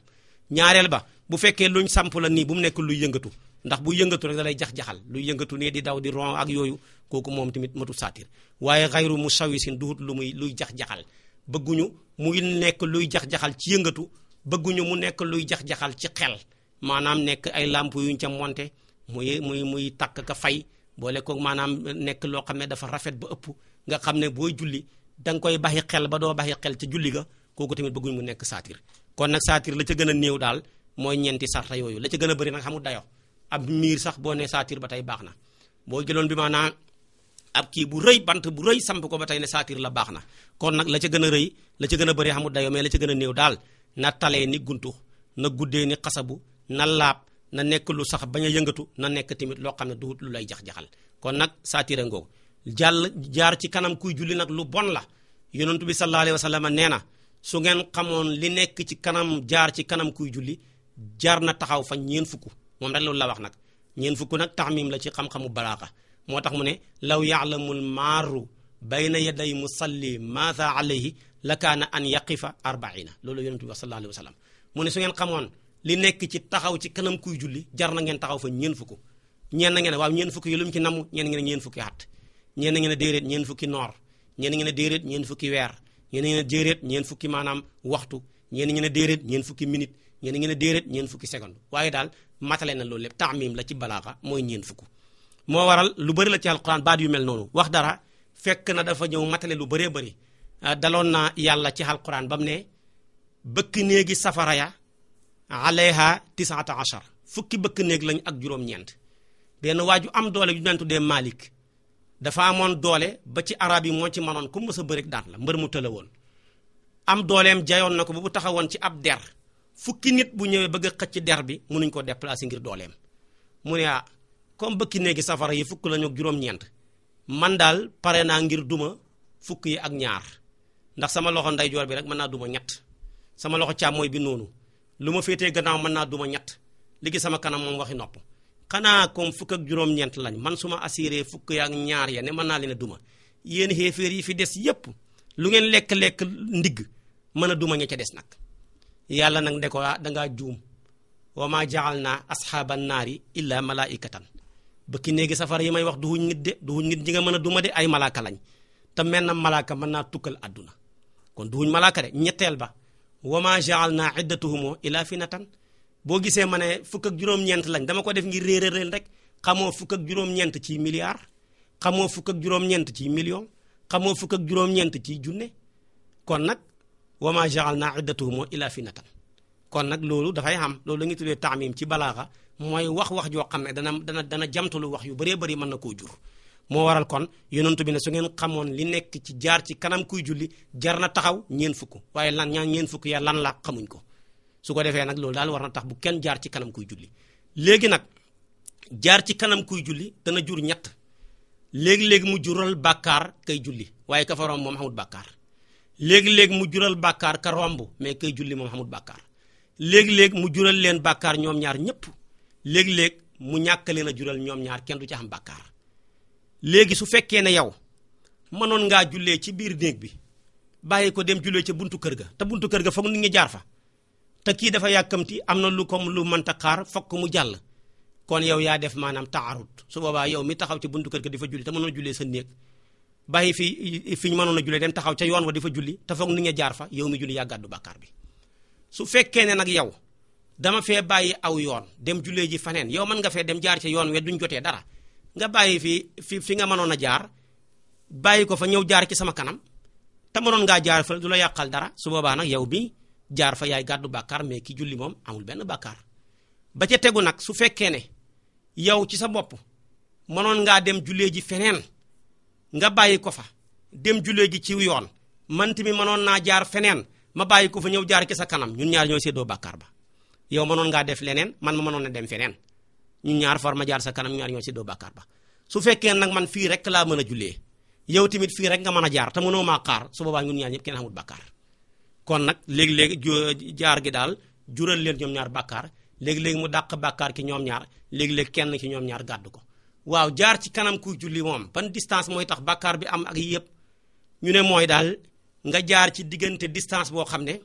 Speaker 1: ñaareel ba bu fekkee luñ samp la nii bu mu nekk luy yëngatu ndax buy yëngatu rek da lay jax-jaxal luy yëngatu nii di daw di ron ak yooyu kooku moom tamit matu saatir waaye xayru mu sawisin duhut lu muy luy jax-jaxal bëgguñu muy nekk luy jax-jaxal ci yëngatu bëgguñu mu nekk luy jax-jaxal ci xel maanaam nekk ay làmp yuñ ca monte muy muy muy takk ka fay boole ko maanaam nekk loo xam ne dafa rafet ba ëpp nga xam ne booy julli da nga koy baxi xel ba doo baxi xel ca julli ga kooku tamit bëgguñu mu nekk saatiir kon nag saatiir la ca gën a néew daal mooy ñeenti sarta yooyu la ci gën a bëri nag xamul dayo ab miir sax boo ne saatiir ba tey baax na boo jëloon bi maanaam ab kii bu rëy bant bu rëy samp ko ba tey ne saatir la baax na kon nag la ca gën a rëy la ca gën a bëri xamul dayo mais la ci gën a néew daal na talee ni guntu na guddee ni xasabu na laab na nekk lu sax bañ a yëngatu na nekk tamit loo xam ne du lu lay jax-jaxal kon nag saatira ngoogu jàll jaar ci kanam kuy julli nag lu bon la yonentu bi sallallahu nee na su ngeen xamoon li nekk ci kanam jaar ci kanam kuy julli jaar na taxaw fa ñeen fukk moom rek loolu la nag ñeen fukk nag taxmim la ci xam-xamu balaaxa moo tax mu ne law ya'lamul maaru bayna yaday musalli maatha alayhi la kaana an yaqifa arbaina loolu yonent bi wax sallallahu alayhi wa sallam mu ne su ngeen xamoon li nekk ci taxaw ci kanam kuy julli jar na ngeen taxaw fa ñeen fukk ñeen na ngeen waaw ñeen fukk yi ci namm ñeen ngeen ñeen fukki at ñeen na ngeen déeréet ñeen fukki noor ñeen ngeen déeréet ñeen fukki weer ñeen ngeen déeréet ñeen fukki maanaam waxtu ñeen ngeen déeréet ñeen fukki minute ñeen ngeen déeréet ñeen fukki seconde waaye daal matale na loolu lépp taamim la ci balaaxa mooy ñeen fukk moo waral lu bëri la ci alquran baat yu mel noonu wax dara fekk na dafa ñëw matale lu bëree bëri Ah, daloon na yàlla ci alquran bam ne bëkk néegi safara ya alayha tisata achar fukki bëkk néeg lañ ak juróom-ñeent benn ju am doole ju daan tuddee maalik dafa amoon doole ba ci arab yi moo ci manoon ku mës a bëri daan la mbër mu tëla woon am dooleem jayoon na ko ba bu taxawoon ci ab der fukki nit bu ñëwee bëgg a der bi mënuñ ko déplacer ngir dooleem mu ne ah comme bëkki néegi safara yi fukk lañu ak juróom-ñeent man daal pare naa ngir duma fukk yi ak ñaar ndax sama loxo ndeyjoor bi rek mën naa duma ñett sama loxo càmmooy bi noonu lu ma féete gannaaw mën naa duma ñett ligi sama kanam moom waxi nopp xanaa comme fukk ak juróom-ñeent lañ man su ma assuré fukk yaak ñaar ya mën naa leen duma yéen xeeféer yi fi des yépp lu ngeen lekk-lekk ndigg mën a duma ña ca des nag yàlla nag ne ko ah, dangaa juum wa ma jaal naa asxaaban naari illa malaikatan bëkki néegi safara yi may wax duhuñ nit ñi nga mën a duma de ay malaaka lañ te mel na malaaka mën naa tukkal àdduna kon duuñ malaaka de ñetteel ba wama ja'alna iddatuhum ila finatan boo gisee ma ne fukk ak juróom-ñeent lañ dama ko def ngir réeréeréel rek xamoo fukk ak juróom-ñeent ci milliard xamoo fukk ak juróom-ñeent ci million xamoo fukk ak juróom-ñeent ci junne kon nag wama ja'alna iddatuhum ila finatan kon nag loolu dafay xam loolu la ñuy tuddee taamim ci balaaxa mooy wax wax joo xam ne dana dana dana jamtalu wax yu bëree bëri mën na koo jur moo waral kon yonentu bi ne su ngeen xamoon li nekk ci jaar ci kanam kuy julli jar na taxaw ñeen fukk waaye lan ñaan ñeen fukk ya lan la xamuñ ko su ko defee nag loolu daal war na tax bu kenn jaar ci kanam kuy julli léegi nag jaar ci kanam kuy julli dana jur ñett léegi-léegi mu jural bàkkaar kay julli waaye ka fa romb moom léegi-léegi mu jural bàkkaar mais kay julli moom xamut bàkkaar léegi léeg mu jural leen bàkkaar ñoom ñaar ñëpp léegi léeg mu ñàkk leen a jural ñoom ñaar kenn du ci am bàkkaar léegi su fekkee ne yow mënoon ngaa jullee ci biir néeg bi bàyyi ko dem jullee ca buntu kër ga te buntu kër ga foog ni ñi jaar fa te kii dafa yàkkamti am na lu ko kom lu mënta xaar fokk mu jàll kon yow yaa def maanaam taarut su boobaa yow mi taxaw ci buntu kër ga di fa julli ta mënoon jullee sa néeg bàyyi fi fi ñu mënoon a jullee dem taxaw ca yoon wa di fa julli te foog nit ñi jaar fa yow mi julli yaa gàddu bàkkaar bi su fekkee ne nag yow dama fee bàyyi aw yoon dem jullee ji faneen yow mën nga fee dem jaar ca yoon we duñ jotee dara nga bàyyi fi fi fi nga mënoon a jaar bàyyi ko fa ñëw jaar ci sama kanam te mënoon ngaa jaar fa du la yàqal dara su boobaa nag yow bi jaar fa yaay gàddu bàkkaar mais ki julli moom amul benn bàkkaar ba ca tegu nag su fekkee ne yow ci sa bopp mënoon ngaa dem jullee ji feneen nga bàyyi ko fa dem jullee ji ci yoon man tamit manoon naa jaar feneen ma bàyyi ko fa ñëw jaar ci sa kanam ñun ñaar ñooy séddoo bàkkaar ba yow mënoon ngaa def leneen man ma mënoon na dem feneen ñu ñaar far ma jaar sa kanam ñaar ñoo si doo bàkkaar ba su fekkee nag man fii rek laa mën a jullee yow tamit fii rek nga mën a jaar te mënoo maa xaar su boobaa ñun ñaar ñëpp kenn xamul bàkkaar kon nag léegi jaar gi daal jural leen ñoom ñaar bàkkaar léegi-léegi mu dàq bàkkaar ki ñoom ñaar léegi-léegi kenn ci ñoom ñaar gàddu ko waaw jaar ci kanam kuy julli moom pan distance mooy tax bàkkaar bi am ak yëpp ñu ne mooy daal nga jaar ci diggante distance boo xam ne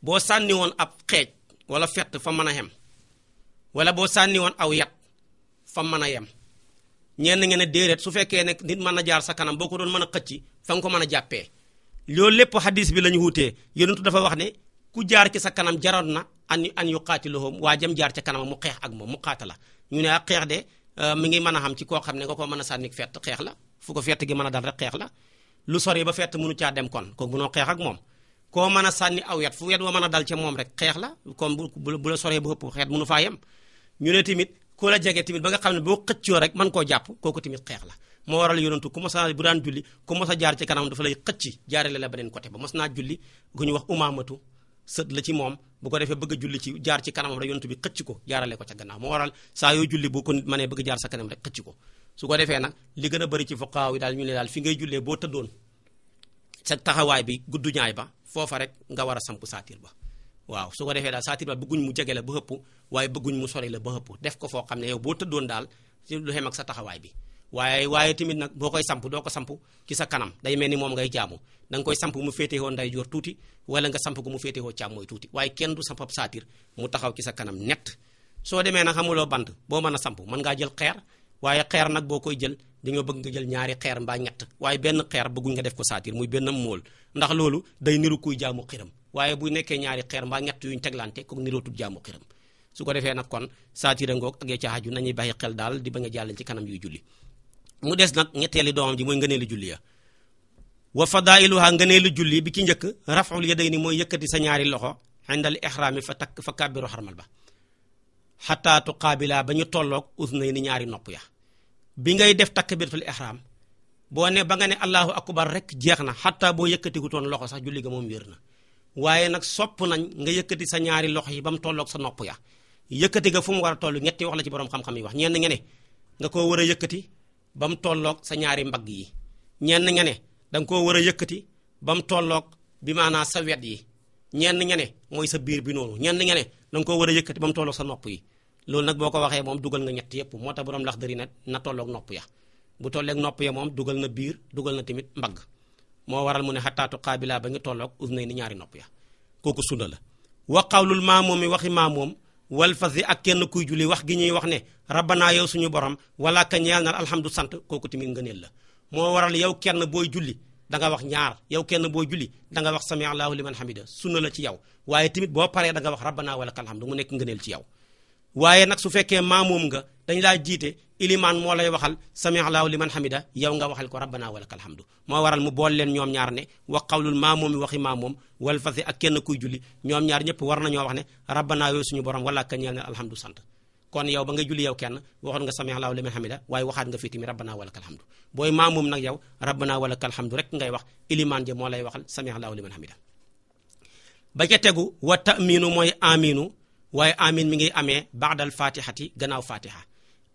Speaker 1: boo sànni woon ab xeej wala fett fa mën a xem wala boo sànni woon aw yat fa mën a yem ñenn ngeen ne déedéet su fekkee ne nit mën a jaar sa kanam boo ko doon mën a xëcc fa nga ko mën a jàppee loolu lépp hadis bi la ñu wutee yonentu dafa wax ne ku jaar ci sa kanam jaroon na an an yu qaatiluhum waa jëm jaar ci kanam mu xeex ak moom mu qaatala ñu ne ak ah xeex de euh, mi ngi mën a xam ci koo xam ne nga ko mën a sànni fett xeex la fu ko fett gi mën a dal rek xeex la lu sori ba fett mënu caa dem kon ko mënoo xeex ak moom koo mën a sànni aw yet fu yet wa a dal moom rek xeex la comme bu la soree xeet mënu faa yem ñu ne tamit koo la jege tamit ba nga xam ne boo xëccoo rek man koo jàpp kooku tamit xeex la moo waral yonentu ku masa bu daan julli ku masa jaar ci kanam dafa lay xëcc jaarale la beneen côté ba mas naa julli gu wax umaamatu ci moom bu ko defee bëgg julli ci jaar ci kanamam rek yonentu bi xëcc ko jaarale ko ca gannaaw moo waral saa yoo julli boo ko nit mënee bëgg jaar sa kanam rek xëcc ko su ko defee nag li gën a bëri ci fuqaaw yi daal ñu ne daal fi ngay jullee boo tëddoon sa taxawaay bi guddu ñaay ba foofa rek nga war a samp saatiir ba waaw su ko defee daal saa tilibaat bëgguñ mu jege la ba xëpp waaye bëgguñ mu sori la ba xëpp def ko foo xam ne yow boo tëddoon daal ci lu xem ak sa taxawaay bi waaye waaye tamit nag boo koy samp doo ko samp ci sa kanam day mel ni moom ngay jaamu da koy samp mu féetewoo ndeyjoor tuuti wala nga samp ko mu féetewoo càmmooy tuuti waaye kenn du samp ab saatir mu taxaw ci sa kanam nett soo demee na xamuloo bant boo mën a samp mën ngaa jël xeer waaye xeer nag boo koy jël dañoo bëgg nga jël ñaari xeer mbaa ñett waaye benn xeer bëgguñ nga def ko saatir muy benn mool ndax loolu day niru kuy jaamu xiram waaye buy nekkee ñaari xeer mbaa ñett yu yuñ teglante kooku nirootul jaamu xiram su ko defee nag kon saatira ngoog ak ya ca xaju nañuy bàyyi xel daal di bañ a jàll ci kanam yuy julli mu des nag ñetteeli doomam ji mooy ngëneelu julli ya wa fadailuha ngëneelu julli bi ci njëkk raful ni mooy yëkkati sa ñaari loxo indal ihraami fa takk fa kàbbiru xarmal ba xataa tuqaabila ba ñu tolloog usnay ni ñaari nopp ya bi ngay def takbiratul ihram boo ne ba nga ne allahu akbar rek jeex na xataa boo yëkkatiku toon loxo sax julli ga moom wér na waaye nag sopp nañ nga yëkkati sa ñaari loxo yi ba mu tollook sa nopp ya yëkkati ga fu mu war a toll ñetti wax la ci borom xam-xam yi wax ñenn nga ne nga koo war a yëkkati ba mu tolloog sa ñaari mbagg yi ñenn nga ne da nga koo war a yëkkati ba mu tolloog bi maanaa sa wet yi ñenn nga ne mooy sa biir bi noonu ñenn nga ne koo war a yëkkati ba mu tolloog sa nopp yi loolu nag boo ko waxee moom dugal nga ñetti yëpp moo tax borom lax dëri na na tolloog nopp ya bu tolleek nopp ya moom dugal na biir dugal na tamit mbagg moo waral mu ne xattaatu xaabilaa ba ngi tolloog usnay ni ñaari nopp ya kooku sunna la wa qawlul maamoom yi waxi maamoom wal fasi ak kenn kuy julli wax gi ñuy wax ne rabbanaa yow suñu borom wala ka ñeel na alhamdu sant kooku tamit ngëneel la moo waral yow kenn booy julli da nga wax ñaar yow kenn booy julli da nga wax sami allahu liman hamida sunna la ci yow waaye tamit boo paree da nga wax rabbanaa wala ka alhamdu mu nekk ngëneel ci yow waaye nag su fekkee maamoom nga dañ laa jiite ilimaan moo lay waxal sami allahu liman hamida yow nga waxal ko rabbana walakal hamdu moo waral mu bool leen ñoom ñaar ne wa qawlul maamoom waxi maamoom wal fasi ak kenn kuy julli ñoom ñaar ñëpp war nañoo wax ne rabbana yooyu suñu borom wala ka ñeel ne alhamdu sant kon yow ba nga julli yow kenn waxoon nga sami allahu liman hamida waaye waxaat nga fii tamit rabbana walakal hamdu booy maamoom nag yow rabbana walakal hamdu rek ngay wax ilimaan moo lay waxal sami allahu liman hamida ba ca tegu wa ta'minu mooy aminu waaye amin mi ngi amee ba'dal fatihati gannaaw fatiha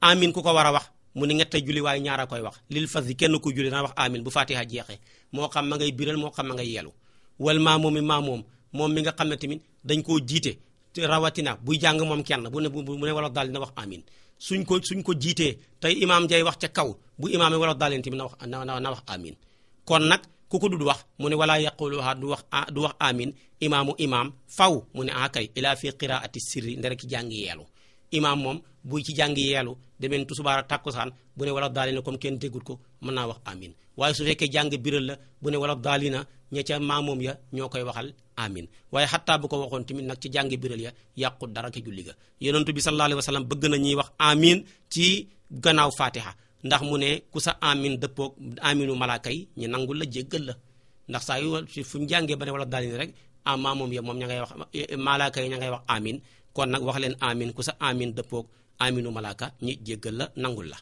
Speaker 1: amin ku ko war a wax mu ni ñettay julli waaye ñaara koy wax lil fasi kenn ku julli dana wax amin bu fatiha jeexee moo xam ma ngay biral moo xam ma ngay yelu wal maamoom mi maamoom moom mi nga xam ne tamit dañ koo jiite rawatina bu jàng moom kenn bu ne bu ne wala daal dina wax amin suñ ko suñ ko jiitee tey imaam jay wax ca kaw bu imaam wala daal tamit na wax na wax amin kon nag ku du dul wax mu ne walaa yaquluha du wax du wax amin imaamu imaam faw mu ne a kay ilaa fi qiraati sirri ndara ki jàngi yeelu imaam moom buy ci jàngi yeelu demeen tusubaar a tàkkusaan bu ne wala daalina comme kenn déggut ko mën naa wax amin waaye su fekkee jàng biral la bu ne wala daalina ña ca maamoom ya ñoo koy waxal amin waaye xattaa bu ko waxoon tamit nag ci jàngi biral ya yàqu dara ki julli ga yonentu bi sallallahu alayhi wa sallam bëgg na ñuy wax amin ci gannaaw fatiha ndax mu ne ku sa amin dëppoog aminu malaaka yi ñu nangul la jéggal la ndax saa yu fu ñu jàngee ba ne wala daal rek ah moom ya moom ña wax malaaka yi ña ngay wax amin kon nag wax leen amin ku sa amin dëppoog aminu malaaka ñi jéggal la nangul la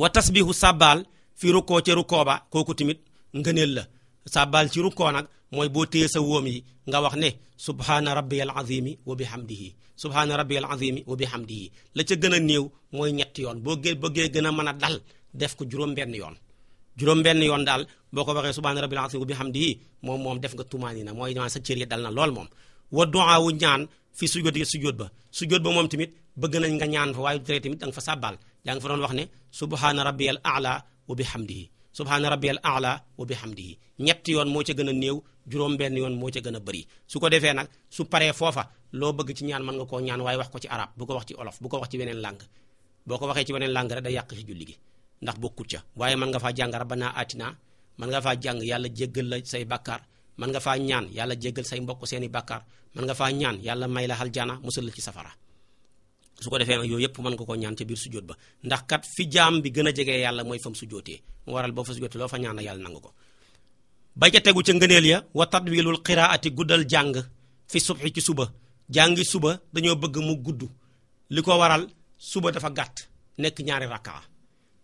Speaker 1: wa tasbihu sabal fi rukkoo ca rukkoo ba kooku tamit ngëneel la sabal ci rukkoo nag mooy boo téye sa woom yi nga wax ne subhaana rabbiyal azimi wa bihamdihi subhaana rabbiyal azimi wa bihamdihi la ca gën a néew mooy ñetti yoon boo gee bëggee gën a mën a dal def ko juróom-benn yoon juróom mbenn yoon daal boo ko waxee subhaana rabbiyal azimi wa bihamdihi moom moom def nga tumaani na mooy sa cër yi dal na lool moom wa du'a wu ñaan fi sujjóot sujjóot ba sujjóot ba moom tamit bëgg nañ nga ñaan fa waaye tere tamit da nga fa sàbbaal yaa nga fa doon wax ne subhaana rabbiyal a'la wa bihamdihi subhaana rabbiyal a'la wa bihamdihi ñetti yoon moo ca gën a néew juróom benn yoon moo ca gën a bëri su ko defee nag su paree foofa loo bëgg ci ñaan mën nga koo ñaan waaye wax ko ci arab bu ko wax ci olof bu ko wax ci weneen langue boo ko waxee ci weneen langue rek da yàq ci julli gi ndax bokkut ca waaye mën nga faa jàng rabbana atina mën nga faa jàng yàlla jéggal say bàkkaar mën nga faa ñaan yàlla jéggal say mbokk seeni bàkkaar mën nga faa ñaan yàlla may la aljana musal la ci safara su ko defee nag yooyu yëpp mën nga koo ñaan ca biir sujjóot ba ndax kat fi jaam bi gën a jegee yàlla mooy fam sujjóotee mu waral boo fa sujjóotee loo fa ñaan yàlla nangu ko ba ca tegu ca ngëneel ya wa tadwilul qiraati guddal jàng fi subhi ci suba jàngi suba dañoo bëgg mu gudd li ko waral suba dafa gàtt nekk ñaari rakkaa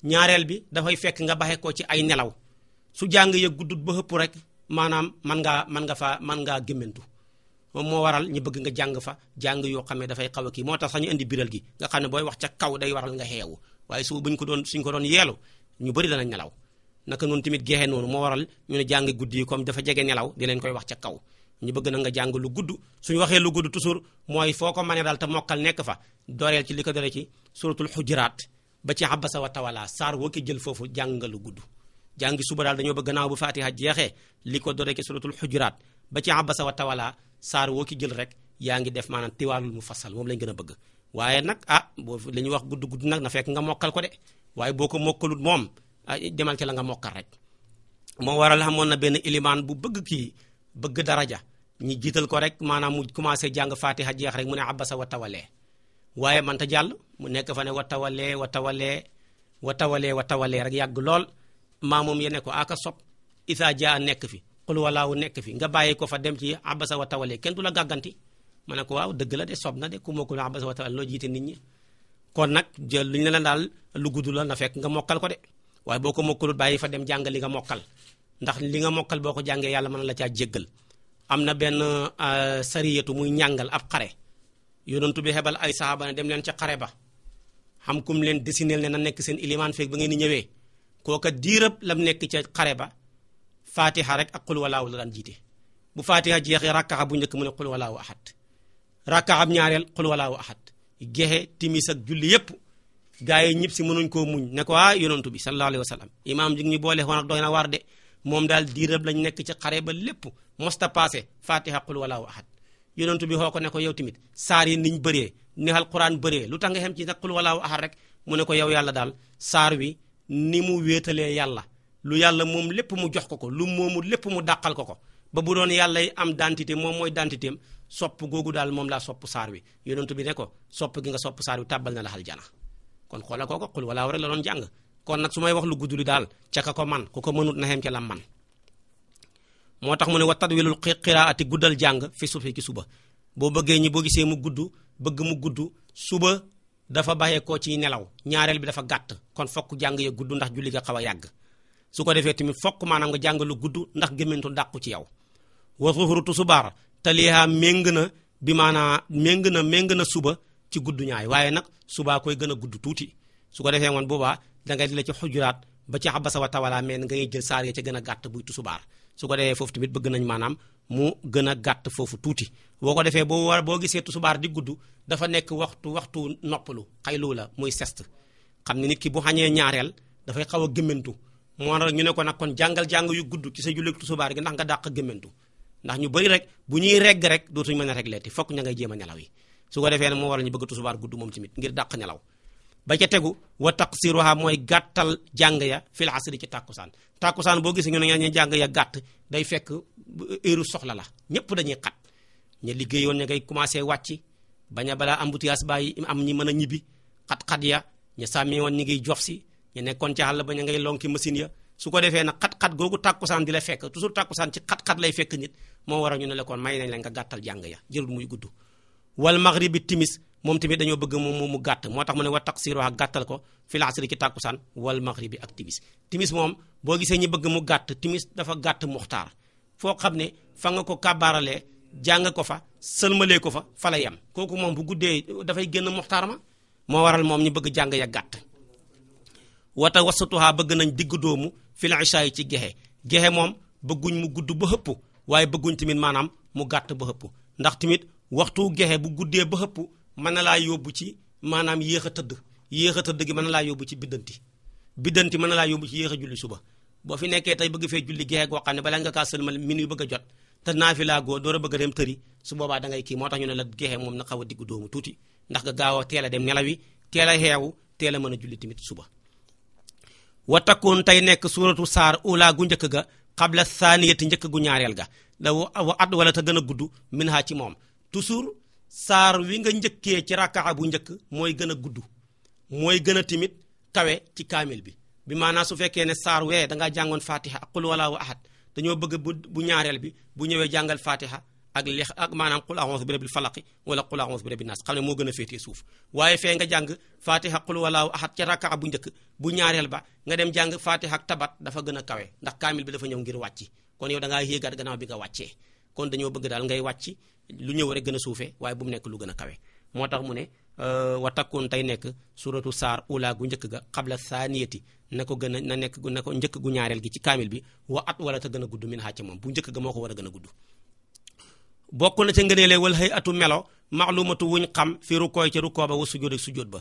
Speaker 1: ñaareel bi dafay fekk nga baxe ko ci ay nelaw su jàng ya guddut ba xëpp rek maanaam man ngaa man nga faa man ngaa gémmantu moom moo waral ñi bëgg nga jàng fa jàng yoo xam ne dafay xaw kii moo tax sax ñu indi biral gi nga xam ne booy wax ca kaw day waral nga xeewu waaye su buñ ko doon suñ ko doon yeelu ñu bëri danañ nelaw naka noonu tamit geexee noonu moo waral ñu ne jàng guddi yi dafa jege nelaw di leen koy wax ca kaw ñu bëgg na nga jàng gudd suñu waxee lu gudd toujours mooy foo ko mënee daal te mokkal nekk fa dooreel ci li ko dore ci suratul xujuraat ba ci abasa wa tawala saar woo ki jël foofu jàng nga lu gudd jàngi suba daal dañoo bëgg gannaaw bu a jeexee li ko dore ci suratul xujuraat ba ci abasa wa tawala saar woo ki jël rek yaa ngi def maanaam tiwaalul mu fasal moom lañ gën a bëgg waaye nag a ah, boo li ñuy wax gudd gudd nag na fekk nga mokkal ko de waaye boo ko mokkalut moom ah, demal ci la nga mokkal rek moo waral xamoon na benn ilimaan bu bëgg kii bëgg daraja ñi jiital ko rek maanaam mu commencé jàng a jeex rek mu ne abasa wa tawalee waaye manta jàll mu nekk fa ne wa tawalee wa tawalee wa tawalee wa tawalee rek yàgg lool maa moom ye ne ko aka sob isaa nekk fi xul walaawu nekk fi nga bàyyi ko fa dem ci abasa wa tawale kenn du la gàgganti ma ne ko waaw dëgg la de sob na de ku mokkul abasa wa tawale loo jiite nit ñi kon nag jël lu ñu la daal lu gudd la na fekk nga mokkal ko de waaye boo ko mokkalul bàyyi fa dem jàng li nga mokkal ndax li mokkal boo ko jàngee yàlla mën la caa jéggal am na benn euh, sariyatu muy ñàngal ab xare yonentu bi xebal ay saxaaba ne dem leen ca xare ba xam kum leen desineel ne na nekk seen ilimaan feeg ba ngeen di ñëwee kooka diirab lam nekk ci xare ba fatiha rek ak xul walaaw la daan jiite bu fatiha jeexee rakkaxa bu njëkk mu ne xul walaaw ahad am ñaareel xul walaaw ahad gexe timis ak julli yëpp gaa yi ñëpp si mënuñ ko muñ ne ko ah yonantu bi sallallahu alayhi wa sallam imaam ñu boole woon ak doy na waar de moom daal diirab lañ nekk ci xare ba lépp mosta passé fatiha qul walaahu ahad yonantu bi xoo ko ne ko yow tamit saar yi niñ bëree ni alquran bëree lu tax nga xem ci nag qul walaahu ahad rek mu ne ko yow yàlla daal saar wi ni mu wéetalee yàlla lu yàlla moom lépp mu jox ko ko lu moomul lépp mu dàqal ko ko ba bu doon yàllay am dentité moom mooy dentitéem sopp googu daal moom laa sopp saar wi yonentu bi ne ko sopp gi nga sopp saar wi tàbbal na la aljana kon xoola kooko xul walaa rek la doon jàng kon nag su may wax lu gudd li daal ca ka ko man ku ko mënut na xem ca lam man moo tax mu ne wa tadwilul qiraati guddal jàng fi sufi ci suba boo bëggee ñi boo gisee mu gudd bëgg mu gudd suba dafa bàyyee koo ciy nelaw ñaareel bi dafa gàtt kon fokk jàng ya gudd ndax julli nga xaw a yàgg su ko defee tamit fokk maanaam nga jàng lu gudd ndax gémmantu dàqu ci yow wa zuhru tusubaar taliha méng na bi maanaam méng na méng na suba ci gudd ñaay waaye nag subaa koy gën a gudd tuuti su ko defee moon boobaa dangay di la ci xujuraat ba ci abasa sa tawala mais ngay jël saar ya ca gën a gàtt buy tusubaar su ko defee foofu tamit bëgg nañ maanaam mu gën a gàtt foofu tuuti boo ko defee boo war boo gisee tusubaar di gudd dafa nekk waxtu waxtu noppalu xaylu la muy sest xam ne nit ki bu xañee ñaareel dafay xaw a gémmantu moo tax ñu ne ko nag kon jàngal jàng yu gudd ci sa jullit tusubaar gi ndax nga dàq gëmmentu ndax ñu bëri rek bu ñuy regg rek dootuñu mën a regleeti fokk ña ngay jéem a nelaw yi su ko defee ne moo waral ñu bëgg tusubaar gudd moom tamit ngir dàq nelaw ba ca tegu wa taqsiruha mooy gàttal jàng ya fil asri ci tàkkusaan tàkkusaan boo gisee ñu ne ñu jàng ya gàtt day fekk heure soxla la ñëpp dañuy xat ña liggéeyoon ña ngay commencé wàcc baña balaa embouteillage bàyyi am ñi mën a ñibbi xat-xat ya ña sàmmi woon ñi ngiy jof si ñu nekkoon ci àll ba ñu ngay lonki machine ya su ko defee nag xat-xat googu tàkkusaan di la fekk toujours tàkkusaan ci xat-xat lay fekk nit moo war a ñu ne la kon may nañ la nga gàttal jàng ya jërul muy gudd wal maghribi timis moom tamit bëgg moom mu gàtt moo tax mu ne wa taqsiru ak gàttal ko fil asri ci tàkkusaan wal maghribi ak timis timis moom boo gisee ñi bëgg mu gàtt timis dafa gàtt muxtaar foo xam ne fa nga ko kabaaralee jàng ko fa sëlmalee ko fa fa la yem kooku moom bu guddee dafay génn muxtaar ma moo waral moom ñu bëgg jàng ya gàtt wata wasatuhaa bëgg nañ digg dóomu fil isha yi ci gexe gexe moom bëgguñ mu gudd ba xëpp waaye bëgguñ tamit maanaam mu gàtt ba xëpp ndax tamit waxtu gexe bu guddee ba xëpp mën na laa yóbbu ci maanaam yéex a tëdd yéex a tëdd gi mën na laa yóbbu ci biddanti biddanti mën na laa yóbbu ci yéex a julli suba boo fi nekkee te bëgg fee julli gexe goo xam ne balaa nga kaa sëlmal min yu bëgg a jot te laa goo door a bëgg a dem tëri su boobaa da ngay kii moo tax ñu ne la gexe moom na xaw a diggu doomu tuuti ndax nga gaaw a teel a dem nelawi a xeewu teel a mën a julli suba wa takkoon tey nekk suuratu saar ula gu njëkk ga xabla saaniyati njëkk gu ñaareel ga la wa at wala te gën a gudd min ha ci moom toujours saar wi nga njëkkee ci rakkaa bu njëkk mooy gën a gudd mooy gën a timit kawe ci kaamil bi bi maanaam su fekkee ne saar wee da ngaa jàngoon fatiha qul wala wa ahad dañoo bëgg bu bu ñaareel bi bu ñëwee jàngal fatiha ak leex ak maanaam qul a'udhu bi rabbil falaq wala qul a'udhu bi rabbin nas xam ne moo gën a féetee suuf waaye fee nga jàng fatiha qul walaahu ahad ca bu njëkk bu ñaareel ba nga dem jàng fatiha ak tabat dafa gën a kawe ndax kaamil bi dafa ñëw ngir kon yow da ngaa yéegaat bi nga wàccee kon dañoo bëgg daal ngay wàcc lu ñëw rek a suufee waaye bu mu nekk lu gën a kawe moo tax mu ne euh, wa takkoon tey nekk suratu saar ula gu njëkk ga xabla saaniyati na ko gën a nekk na ko njëkk gu ñaareel gi ci kaamil bi wa at wala te gën a gudd min hàcc moom bu njëkk ga moo ko war a gën a gudd bokk na ca ngëneele wal hay atu melo maxlumatu wuñ xam fi rukkooy ca rukkoo ba wa sujjóot ak sujjóot ba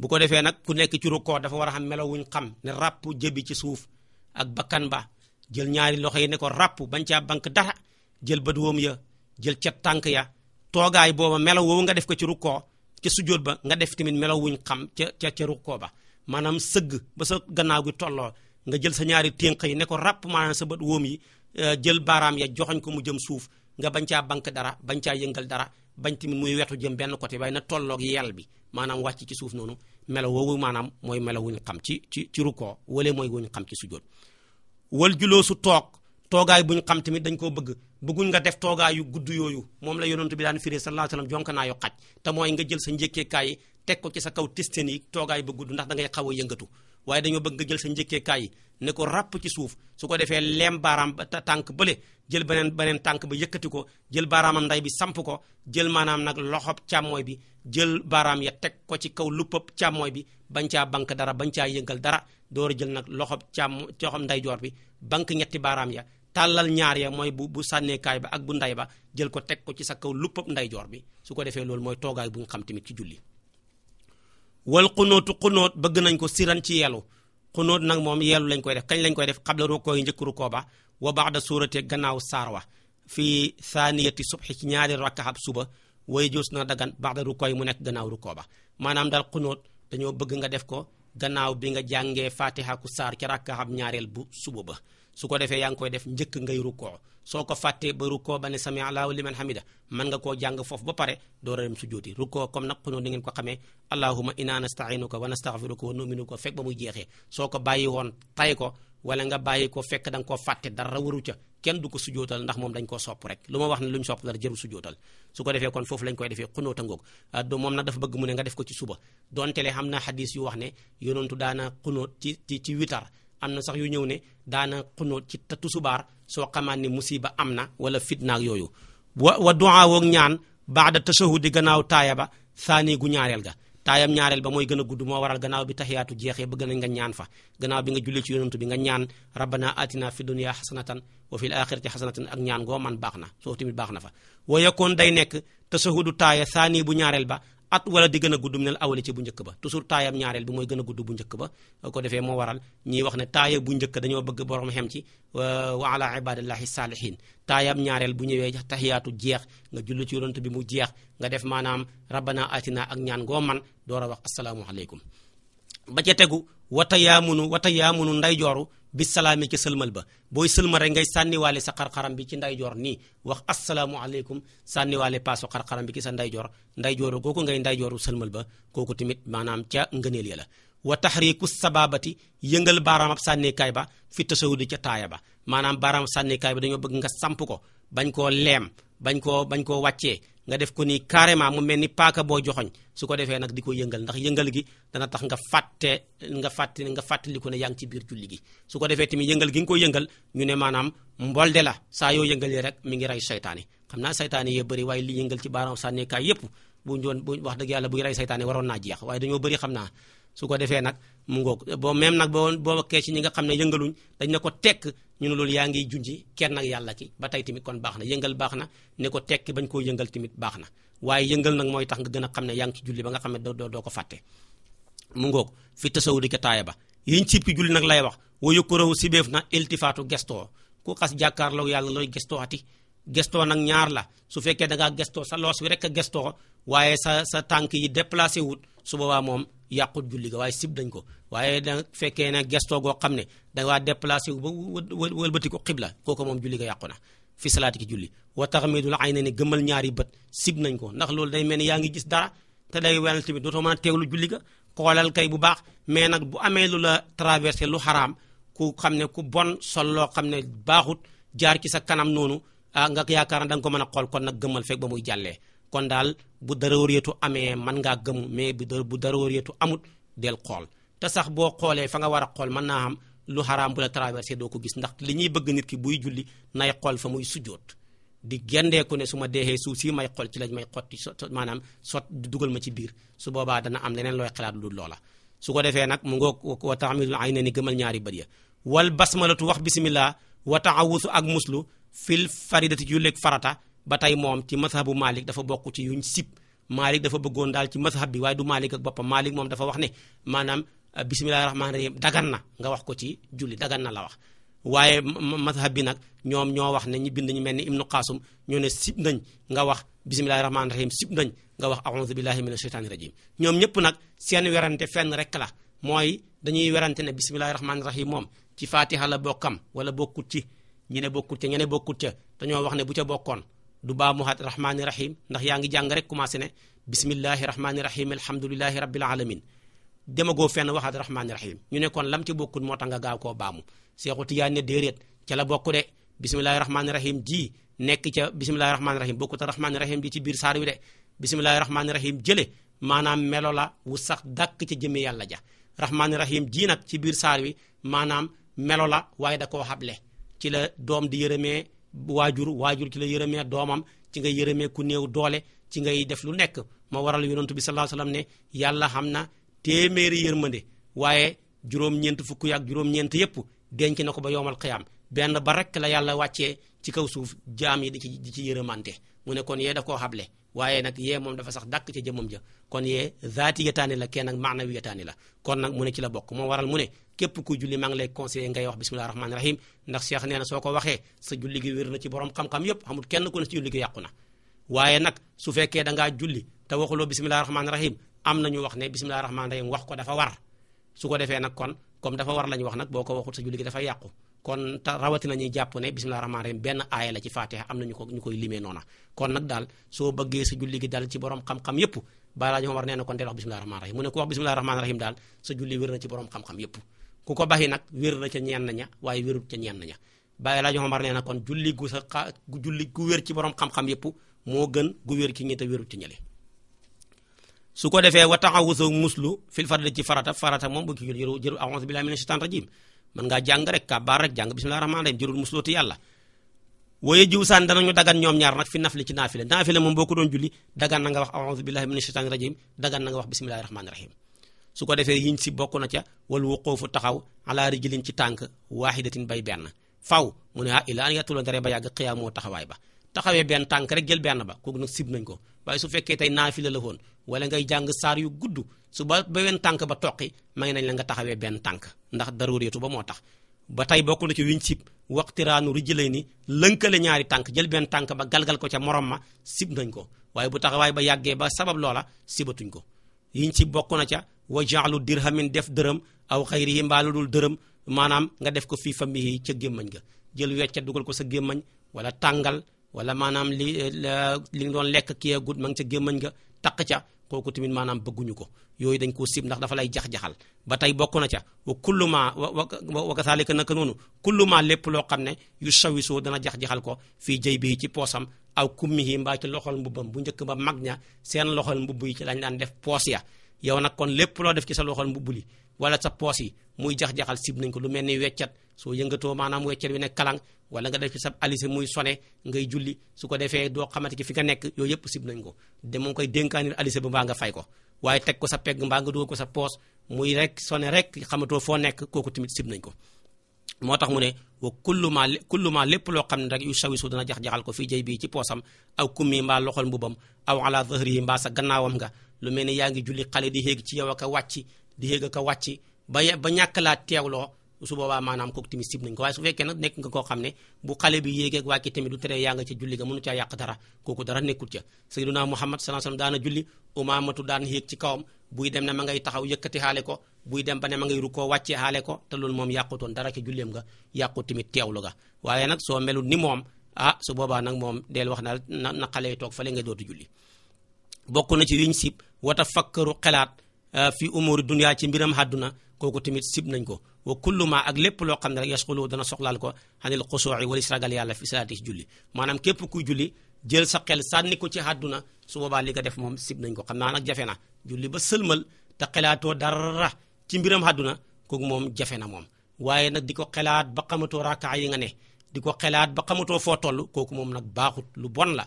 Speaker 1: bu ko defee nag ku nekk ci rukkoo dafa war a xam melo wuñ xam ne ràpp jëbi ci suuf ak bakkan ba jël ñaari loxo yi ne ko bañ caa bank dara jël bët woom ya jël cet tànk ya toogaay booba melo woowu nga def ko ci rukkoo ca sujjóot ba nga def tamit melo wuñ xam ca ca ca rukkoo ba maanaam sëgg ba sa gannaaw gi tolloo nga jël sa ñaari ténq yi ne ko ràpp sa bët woom yi euh, jël baaraam ya joxoñ ko mu jëm suuf nga bañ caa bank dara bañ caa yëngal dara bañ tamit muy wetu jëm benn côté waaye na tolloog yeel bi maanaam wàcc ci suuf noonu melo woowu maanaam mooy melo wuñu xam ci ci ci rukkoo wala mooy wuñu xam ci sujjóot wal juloo su toog toogaay buñ xam tamit dañ koo bëgg bëgguñ nga def toogaay yu gudd yooyu moom la yonentu bi daan firee sallallahu alayhi wasallam jonk naa yu xaj te mooy nga jël sa njëkkeekaay yi teg ko ci sa kaw testeen yi toogaay bu gudd ndax da ngay xaw a yëngatu waaye dañoo bëgg nga jël sa njëkkeekaay yi ne ko ràpp ci suuf su ko defee leem baaraam ba tànk bële jël beneen beneen tànk ba yëkkati ko jël baaraamam nday bi samp ko jël maanaam nag loxob càmmooy bi jël baaraam ya teg ko ci kaw luppab càmmooy bi bañ caa bank dara bañ caa yëngal dara door jël nag loxob càmm loxob ndeyjoor bi bank ñetti baaraam ya tàllal ñaar ya mooy bu bu sànneekaay ba ak bu nday ba jël ko teg ko ci sa kaw luppab ndeyjoor bi su ko defee loolu mooy toogaay bu ñu xam tamit ci julli wal xunóotu xunóot bëgg nañ ko siran ci yelu xunóot nag moom yelu lañ koy def kañ lañ koy def xabla rukkoo yi njëkk rukkoo ba wa ba'da suurate gannaaw saar wa fii saaniyati subhi ci ñaari rakkaxab suba way joos na dagan ba'da rukkoo yi mu nekk gannaaw rukkoo ba maanaam daal xunóot dañoo bëgg nga def ko gannaaw bi nga jàngee fatiha ku saar ci rakkaxab ñaareel bu suba ba su ko defee yaa ngi koy def njëkk ngay rukkoo soo ko fàttee ba rukkoo ba ne sami allahu liman hamida mën nga koo jàng foofu ba pare door a dem sujjóoti rukkoo comme nag xunóot ni ngeen ko xamee allahuma inna nastainuka wa nastaghfiruka wa nu'minu ko fekk ba muy jeexee ko bàyyi woon tay ko wala nga bàyyi ko fekk da nga koo fàtte dara waru ca kenn du ko sujootal ndax moom dañ koo sopp rek lu ma wax ne lu ñu sopp dara jëru sujootal su ko defee kon foofu lañ koy defee a ngoog ah, do moom nag dafa bëgg mu ne nga def ko ci suba donte le xam na xadis yu wax ne yonentu daana xunóot ci ci ci witar am na sax yu ñëw ne daana xunóot ci tattu subaar soo xamaan ne musiba am na wala fitnaak yooyu wa wa du'a woog ñaan baada di gannaaw taaya ba saani gu ñaareel ga taayam ñaareel ba mooy gën a gudd moo waral gannaaw bi taxiyaatu jeexee bëgg nañ nga ñaan fa gannaaw bi nga jullee ci yonantu bi nga ñaan rabbana atina fi dunya xasanatan wa fil axirati xasanatan ak ñaan goo man baax na soo tamit baax na fa wa yakoon day nekk tasahudu taaya saani bu ba at wala di gën a gudd mu ne awale ci bu njëkk ba toujours taayam ñaareel bi mooy gën a gudd bu njëkk ba ko defee moo waral ñiy wax ne taaya bu njëkk dañoo bëgg borom xem ci wa ala ibadillahi saalihin taayam ñaareel bu ñëwee taxiyaatu jeex nga jullu ci yonent bi mu jeex nga def maanaam rabbana atina ak ñaan ngoo man door a wax asalaamualeykum ba ca tegu wata munu wata yaamunu nday jooru bi salaami ca sëlmal ba booy sëlmal rek ngay sànniwaale sa xarxaram bi ci ndayjoor nii wax asalaamualeykum sànniwaale paasu xarxaram bi ci sa ndayjoor ndayjooru kooku ngay ndayjooru sëlmal ba kooku tamit maanaam ca ngëneel ya la wa tahriku sababati yëngal baaraamab sànnikaay ba fi tasawudi ca taaya ba maanaam baaraamab sànnikaay ba dañoo bëgg nga samp ko bañ koo leem bañ koo bañ koo wàccee nga def ko nii carrément mu mel ni paaka boo joxoñ su ko defee nag di ko yëngal ndax yëngal gi dana tax nga fàtte nga fàtte nga fàttali ko ne yaa ngi ci biir julli gi su ko defee yëngal gi nga ko yëngal ñu ne maanaam mbolde la saa yoo yëngalee rek mu ngi rey seytaane xam naa seytaane yee bëri waaye li yëngal ci baaraam sànneekaay yëpp bu ñu doon bu wax dëgg yàlla buy rey seytaane waroon naa jeex waaye dañoo bëri xam naa su ko defee nag mu ngoog boo même nag boo boo bokkee ci ñi nga xam ne yëngaluñ dañ ne ko tekk ñu ne loolu yaa ngiy junji kenn ak yàlla ki ba tey tamit kon baax na yëngal baax na ne ko tekki bañ koo yëngal tamit baax na waaye yëngal nag mooy tax nga gën a xam ne yaa ngi ci julli nga xam ne doo doo ko fàtte mu ngoog fi tasawudi ka taaya ba yiñ siib ki julli nag lay wax wayu ko raw sibeef na iltifaatu gestoo ku xas jàkkaarloo yàlla looy gestoo ati gestoo nag ñaar la su fekkee da ngaa gestoo sa loos wi rek a gestoo waaye sa sa tànk yi déplacé wut su boobaa moom yàqut julli ga waaye sib nañ ko waaye da fekkee ne gestoo goo xam ne da waa déplacé wu ba wëlbati ko xibla kooku moom julli ga yàqu na fi salaati ki julli wa taxamidul ayna ne gëmal ñaari bët sib nañ ko ndax loolu day mel ni yaa ngi gis dara te day wel tamit dootoo mën a teewlu julli ga xoolal kay bu baax mais nag bu amee lu la traversé lu xaraam ku xam ne ku bon sol loo xam ne baaxut jaar ci sa kanam noonu ah nga yaakaar na da nga ko mën a xool kon nag gëmal fekk ba muy jàllee kon daal bu dara daruriyatu amee man ngaa gëm mais bu bu daruriyatu amut del xool te sax boo xoolee fa nga war a xool man naa am lu xaraam bu la traversé doo ko gis ndax li ñuy bëgg nit ki buy julli nay xool fa muy sujjóot di gendeeku ne su ma deexee suuf si may xool ci lañ may xotti maanaam sot dugal ma ci biir su boobaa dana am leneen looy xalaat lu loola su ko defee nag mu ngoog wa a ay ne ni gëmal ñaari bët ya wal basmalatu wax bismillah wa taawusu ak muslu fil faridati julleeg ba tey moom ci mazhabu Malik dafa bokk ci yuñ sib Malik dafa bëggoon daal ci mazhab bi waaye du Malik boppa boppam Malik moom dafa wax ne maanaam euh, bismillahi rahmaani rahim dagan na nga wax ko ci julli dagan na la wax waaye mazhab bi nag ñoom ñoo wax ne ñi bind ñu mel ni Ibnu Qaasim ñoo ne sib nañ nga wax bismillahi rahmaani rahim sib nañ nga wax a'udhu billahi minash shaitani rajim ñoom ñëpp nag seen werante fenn rek la mooy dañuy werante ne bismillahi rahmaani rahim moom ci Fatiha la bokkam wala bokkut ci ñi ne bokkut ca ñene ca dañoo wax ne bu ca bokkoon du baa muhaat rahmaani rahim ndax yaa ngi jàng rek commencé ne bismillahi rahmaani rahim alhamdulillahi rabbil alamin demagoo fenn waxaat rahmaani rahim ñu ne kon lam ci bokkul moo tax nga gaaw koo baamu Seexu Tijaan ne déeréet ca la bokk de bismillahi rahmaani rahim ji nekk ca bismillahi rahmaani rahim bokkut a rahmaani rahim ji ci biir saar wi de bismillahi rahmaani rahim jële maanaam melo la wu sax dàkk ca jëme yàlla ja rahmaani rahim ji nag ci biir saar wi maanaam melo la waaye da koo xable ci la doom di yërëmee waajur waajur ci la yërëmee doomam ci nga yërëmee ku néew doole ci ngay def lu nekk ma waral yonentu bi sallallahu alayhi wasallam ne yàlla xam na téeméeri yërmande waaye juróom-ñeent fukk ak juróom-ñeent yépp denc na ko ba yowmal xiyaam benn ba rek la yàlla wàccee ci kaw suuf jaam yi di ci di ci yërëmante mu nekkoon kon yee da koo xable waaye nag yee moom dafa sax dàkk ca jëmmam ja kon yee zaati yataani la kenn ak maanawi yataani la kon nag mu ne ci la bokk moo waral mu ne képp ku julli maa ngi lay conseillé ngay wax bismillahi rahmaani rahim ndax Cheikh nee na soo ko waxee sa julli gi wér na ci borom xam-xam yépp xamul kenn ku ne ci julli gi yàqu na waaye nag su fekkee dangaa julli te waxuloo bismillahi rahmaani rahim am nañu wax ne bismillahi rahmaani rahim wax ko dafa war su ko defee nag kon comme dafa war la ñu wax nag boo ko waxul sa julli dafa yàqu kon rawatina ñuy jàpp ne bisimilah rahmaani rahiim benn aaya la ci fatiha am na ñu ko ñu koy limee noona kon nag daal soo bëggee sa julli gi dal ci borom xam-xam yëpp balaaji Omar nee na kon del wax bisimilah rahmaani rahiim mu ne ku wax bisimilah rahmaani rahiim daal sa julli wér na ci borom xam-xam yëpp ku ko na ña waaye wérut ca ñenn ña balaaji Omar nee na kon julli ku sa xa julli ku wér ci borom xam-xam yëpp moo gën gu wér ci ñi te wérut ci ñële su ko defee wa taxawusa muslu fil farda ci farata farata moom bu ki jëru jëru a'udhu billahi minash mën ngaa jàng rek kàbbaar rek jàng bismillahir rahmanir rahim jërul muslooti yàlla wooye jiw saan danañu dagan ñoom ñaar nag fi nafli ci naafile naafile na nga wax a'udhu billahi minash shaitanir rajim dagan na nga wax bismillahir rahmanir rahim su ko defee yiñ si bokk na ca wal wuquufu taxaw ala rijlin ci bay benn faw mu ne ah ilaa yatula dare ba yàgg xiyaamoo taxawaay ba taxawee benn tànk rek jël benn ba kooku nag sib nañ ko waaye su fekkee tey naafile la woon wala ngay jàng saar yu gudd su ba beneen tànk ba toqi may nañ la nga taxawee benn tànk ndax daruriyatu ba moo tax ba tey bokk na ci wiñ sib waxtiraanu rijlay ni lënkale ñaari tànk jël benn tànk ba galgal ko ca morom ma sib nañ ko waaye bu taxawaay ba yàggee ba sabab loola sibatuñ ko yiñ sib bokk na ca wa ja'lu dirhamin def dërëm aw xayrihi mbaalu dul dërëm maanaam nga def ko fii famihi ca gémmañ ga jël wecca dugal ko sa gémmañ wala tàngal wala maanaam li li doon lekk kii ma ngi ca gémmañ ga taq ca kooku tamit maanaam bëgguñu ko yooyu dañ koo sib ndax dafa lay jax-jaxal ba tey bokk na ca wa kullu ma wa wa kasaalika naka noonu kullu ma lépp loo xam ne yu soo dana jax-jaxal ko fii jay bi ci poosam aw kummihi mbaa ci loxol mbubbam bu njëkk ba mag ña seen loxol mbubb yi ci lañ daan def poos ya yow nag kon lépp loo def ci sa loxol mbubb li wala sa poos yi muy jax-jaxal sib nañ ko lu mel ni weccat soo yëngatoo maanaam weccat bi ne kalang wala nga def ci sa alise muy sone ngay julli su ko defee doo xamante ki fi nga nekk yooyu yëpp sib nañ ko de koy dénkaanir alise ba mbaa nga fay ko teg ko sa pegg mbaa nga ko sa poos muy rek sone rek xamatoo foo nekk kooku tamit sib nañ ko moo tax mu ne wa kulluma kulluma lépp loo xam ne rek yu sawisu dana jax-jaxal ko fii jay bii ci poosam aw kummi mbaa loxol mbubam aw ala zahri mbaa sa gannaawam nga lu mel ni yaa ngi julli xale di héeg ci yow ak di yéeg ak a wàcc ba ba ñàkk laa teewloo su boobaa maanaam kooku tamit sib nañ ko waaye su fekkee nag nekk nga koo xam ne bu xale bi yéegee ak ci kawam buy ma ko buy dem ba ne ma ngay rukkoo wàcce xaale ko te loolu moom yàqutoon dara ca waaye nag soo melul ni moom ah su nag moom del wax na na xale yi toog fa nga dootu julli bokk na ci yiñ sib wata fakkaru xelaat Euh, fi umuri dunya ci mbiram hadduna kooku tamit sib nañ ko wa kullu ma ak lépp loo xam ne rek loo dana soxlaal ko xanil xusuuci wala ragal yàlla fi salaati ci jël sa xel sànni ko ci hadduna su boobaa li nga def moom sib nañ ko xam naa jafe na julli ba sëlmal te xelaatoo dara ci mbiram hadduna kooku moom jafe na moom waaye nag di ko xelaat ba xamatoo rakaa yi nga ne di ko xelaat ba xamatoo foo toll kooku moom nag baaxut lu bon la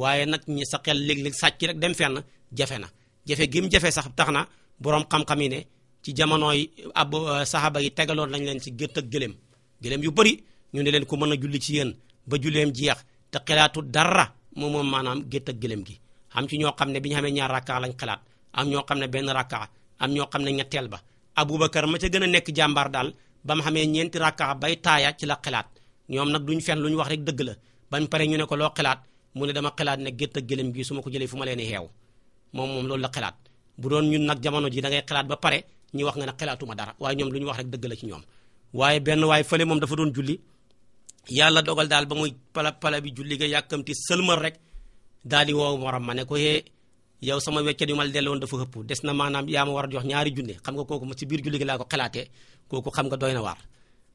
Speaker 1: waaye nag ñi sa xel léeg-léeg sàcc rek dem fenn jafe na jafe gim jafe sax tax na boroom xam-xam yi ne ci jamonooy ab euh, saxaaba yi tegaloon lañ leen ci gétt ak gëléem gëléem yu bëri ñu ne leen ku mën a julli ci yéen ba ji jeex te xelaatu dara moom moom maanaam gétt ak gi am ci ñoo xam ne bi ñu xamee ñaar rakka lañ xelaat am ñoo xam ne benn rakka am ñoo xam ne ñetteel ba Abubakar ma ca gën a nekk jàmbaar daal ba mu xamee ñeenti rakka bay taaya ci la xelaat ñoom nag duñ fen lu ñu wax rek dëgg la bañ pare ñu ne ko loo xelaat mu ne dama xelaat ne gétt ak gëléem gi ko jëlee fu ma leen xeew moom moom loolu la bu doon ñun nag jamono ji da ngay xalaat ba pare ñu wax nga ne xalaatuma dara waaye ñoom lu ñu wax rek dëgg la ci ñoom waaye benn waaye fële moom dafa doon julli yàlla dogal daal ba muy pala pala bi julli ga yàkkamti sëlmal rek daal di woo morom ma ne ko hee yow sama weccet yu ma delloon dafa xëpp des na maanaam yaa ma war a jox ñaari junne xam nga kooku ci biir julli gi laa ko xalaatee kooku xam nga doy na waar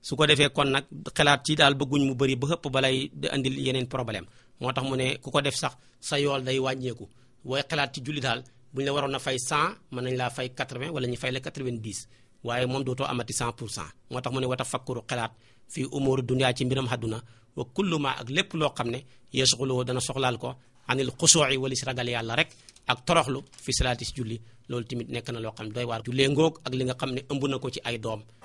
Speaker 1: su ko defee kon nag xalaat ci daal bëgguñ mu bëri ba xëpp balay andil yeneen problème moo tax mu ne ku ko def sax sa yool day wàññeeku waaye xalaat ci julli daal bu ñu la waroon a fay 100 mën nañ laa fay 80 wala ñu fay la 90 waaye moom dootoo amati 100 pour cent moo tax mu ne wa tafakkuru xalaat fii umuru dunyaa ci mbiram hadduna wa kullu ak lépp loo xam ne yasxuloo dana soxlaal ko anil xusuuci wali si ragal yàlla rek ak toroxlu fi salaati si julli loolu tamit nekk na loo xam ne doy waar jullee ngoog ak li nga xam ne ëmb na ko ci ay doom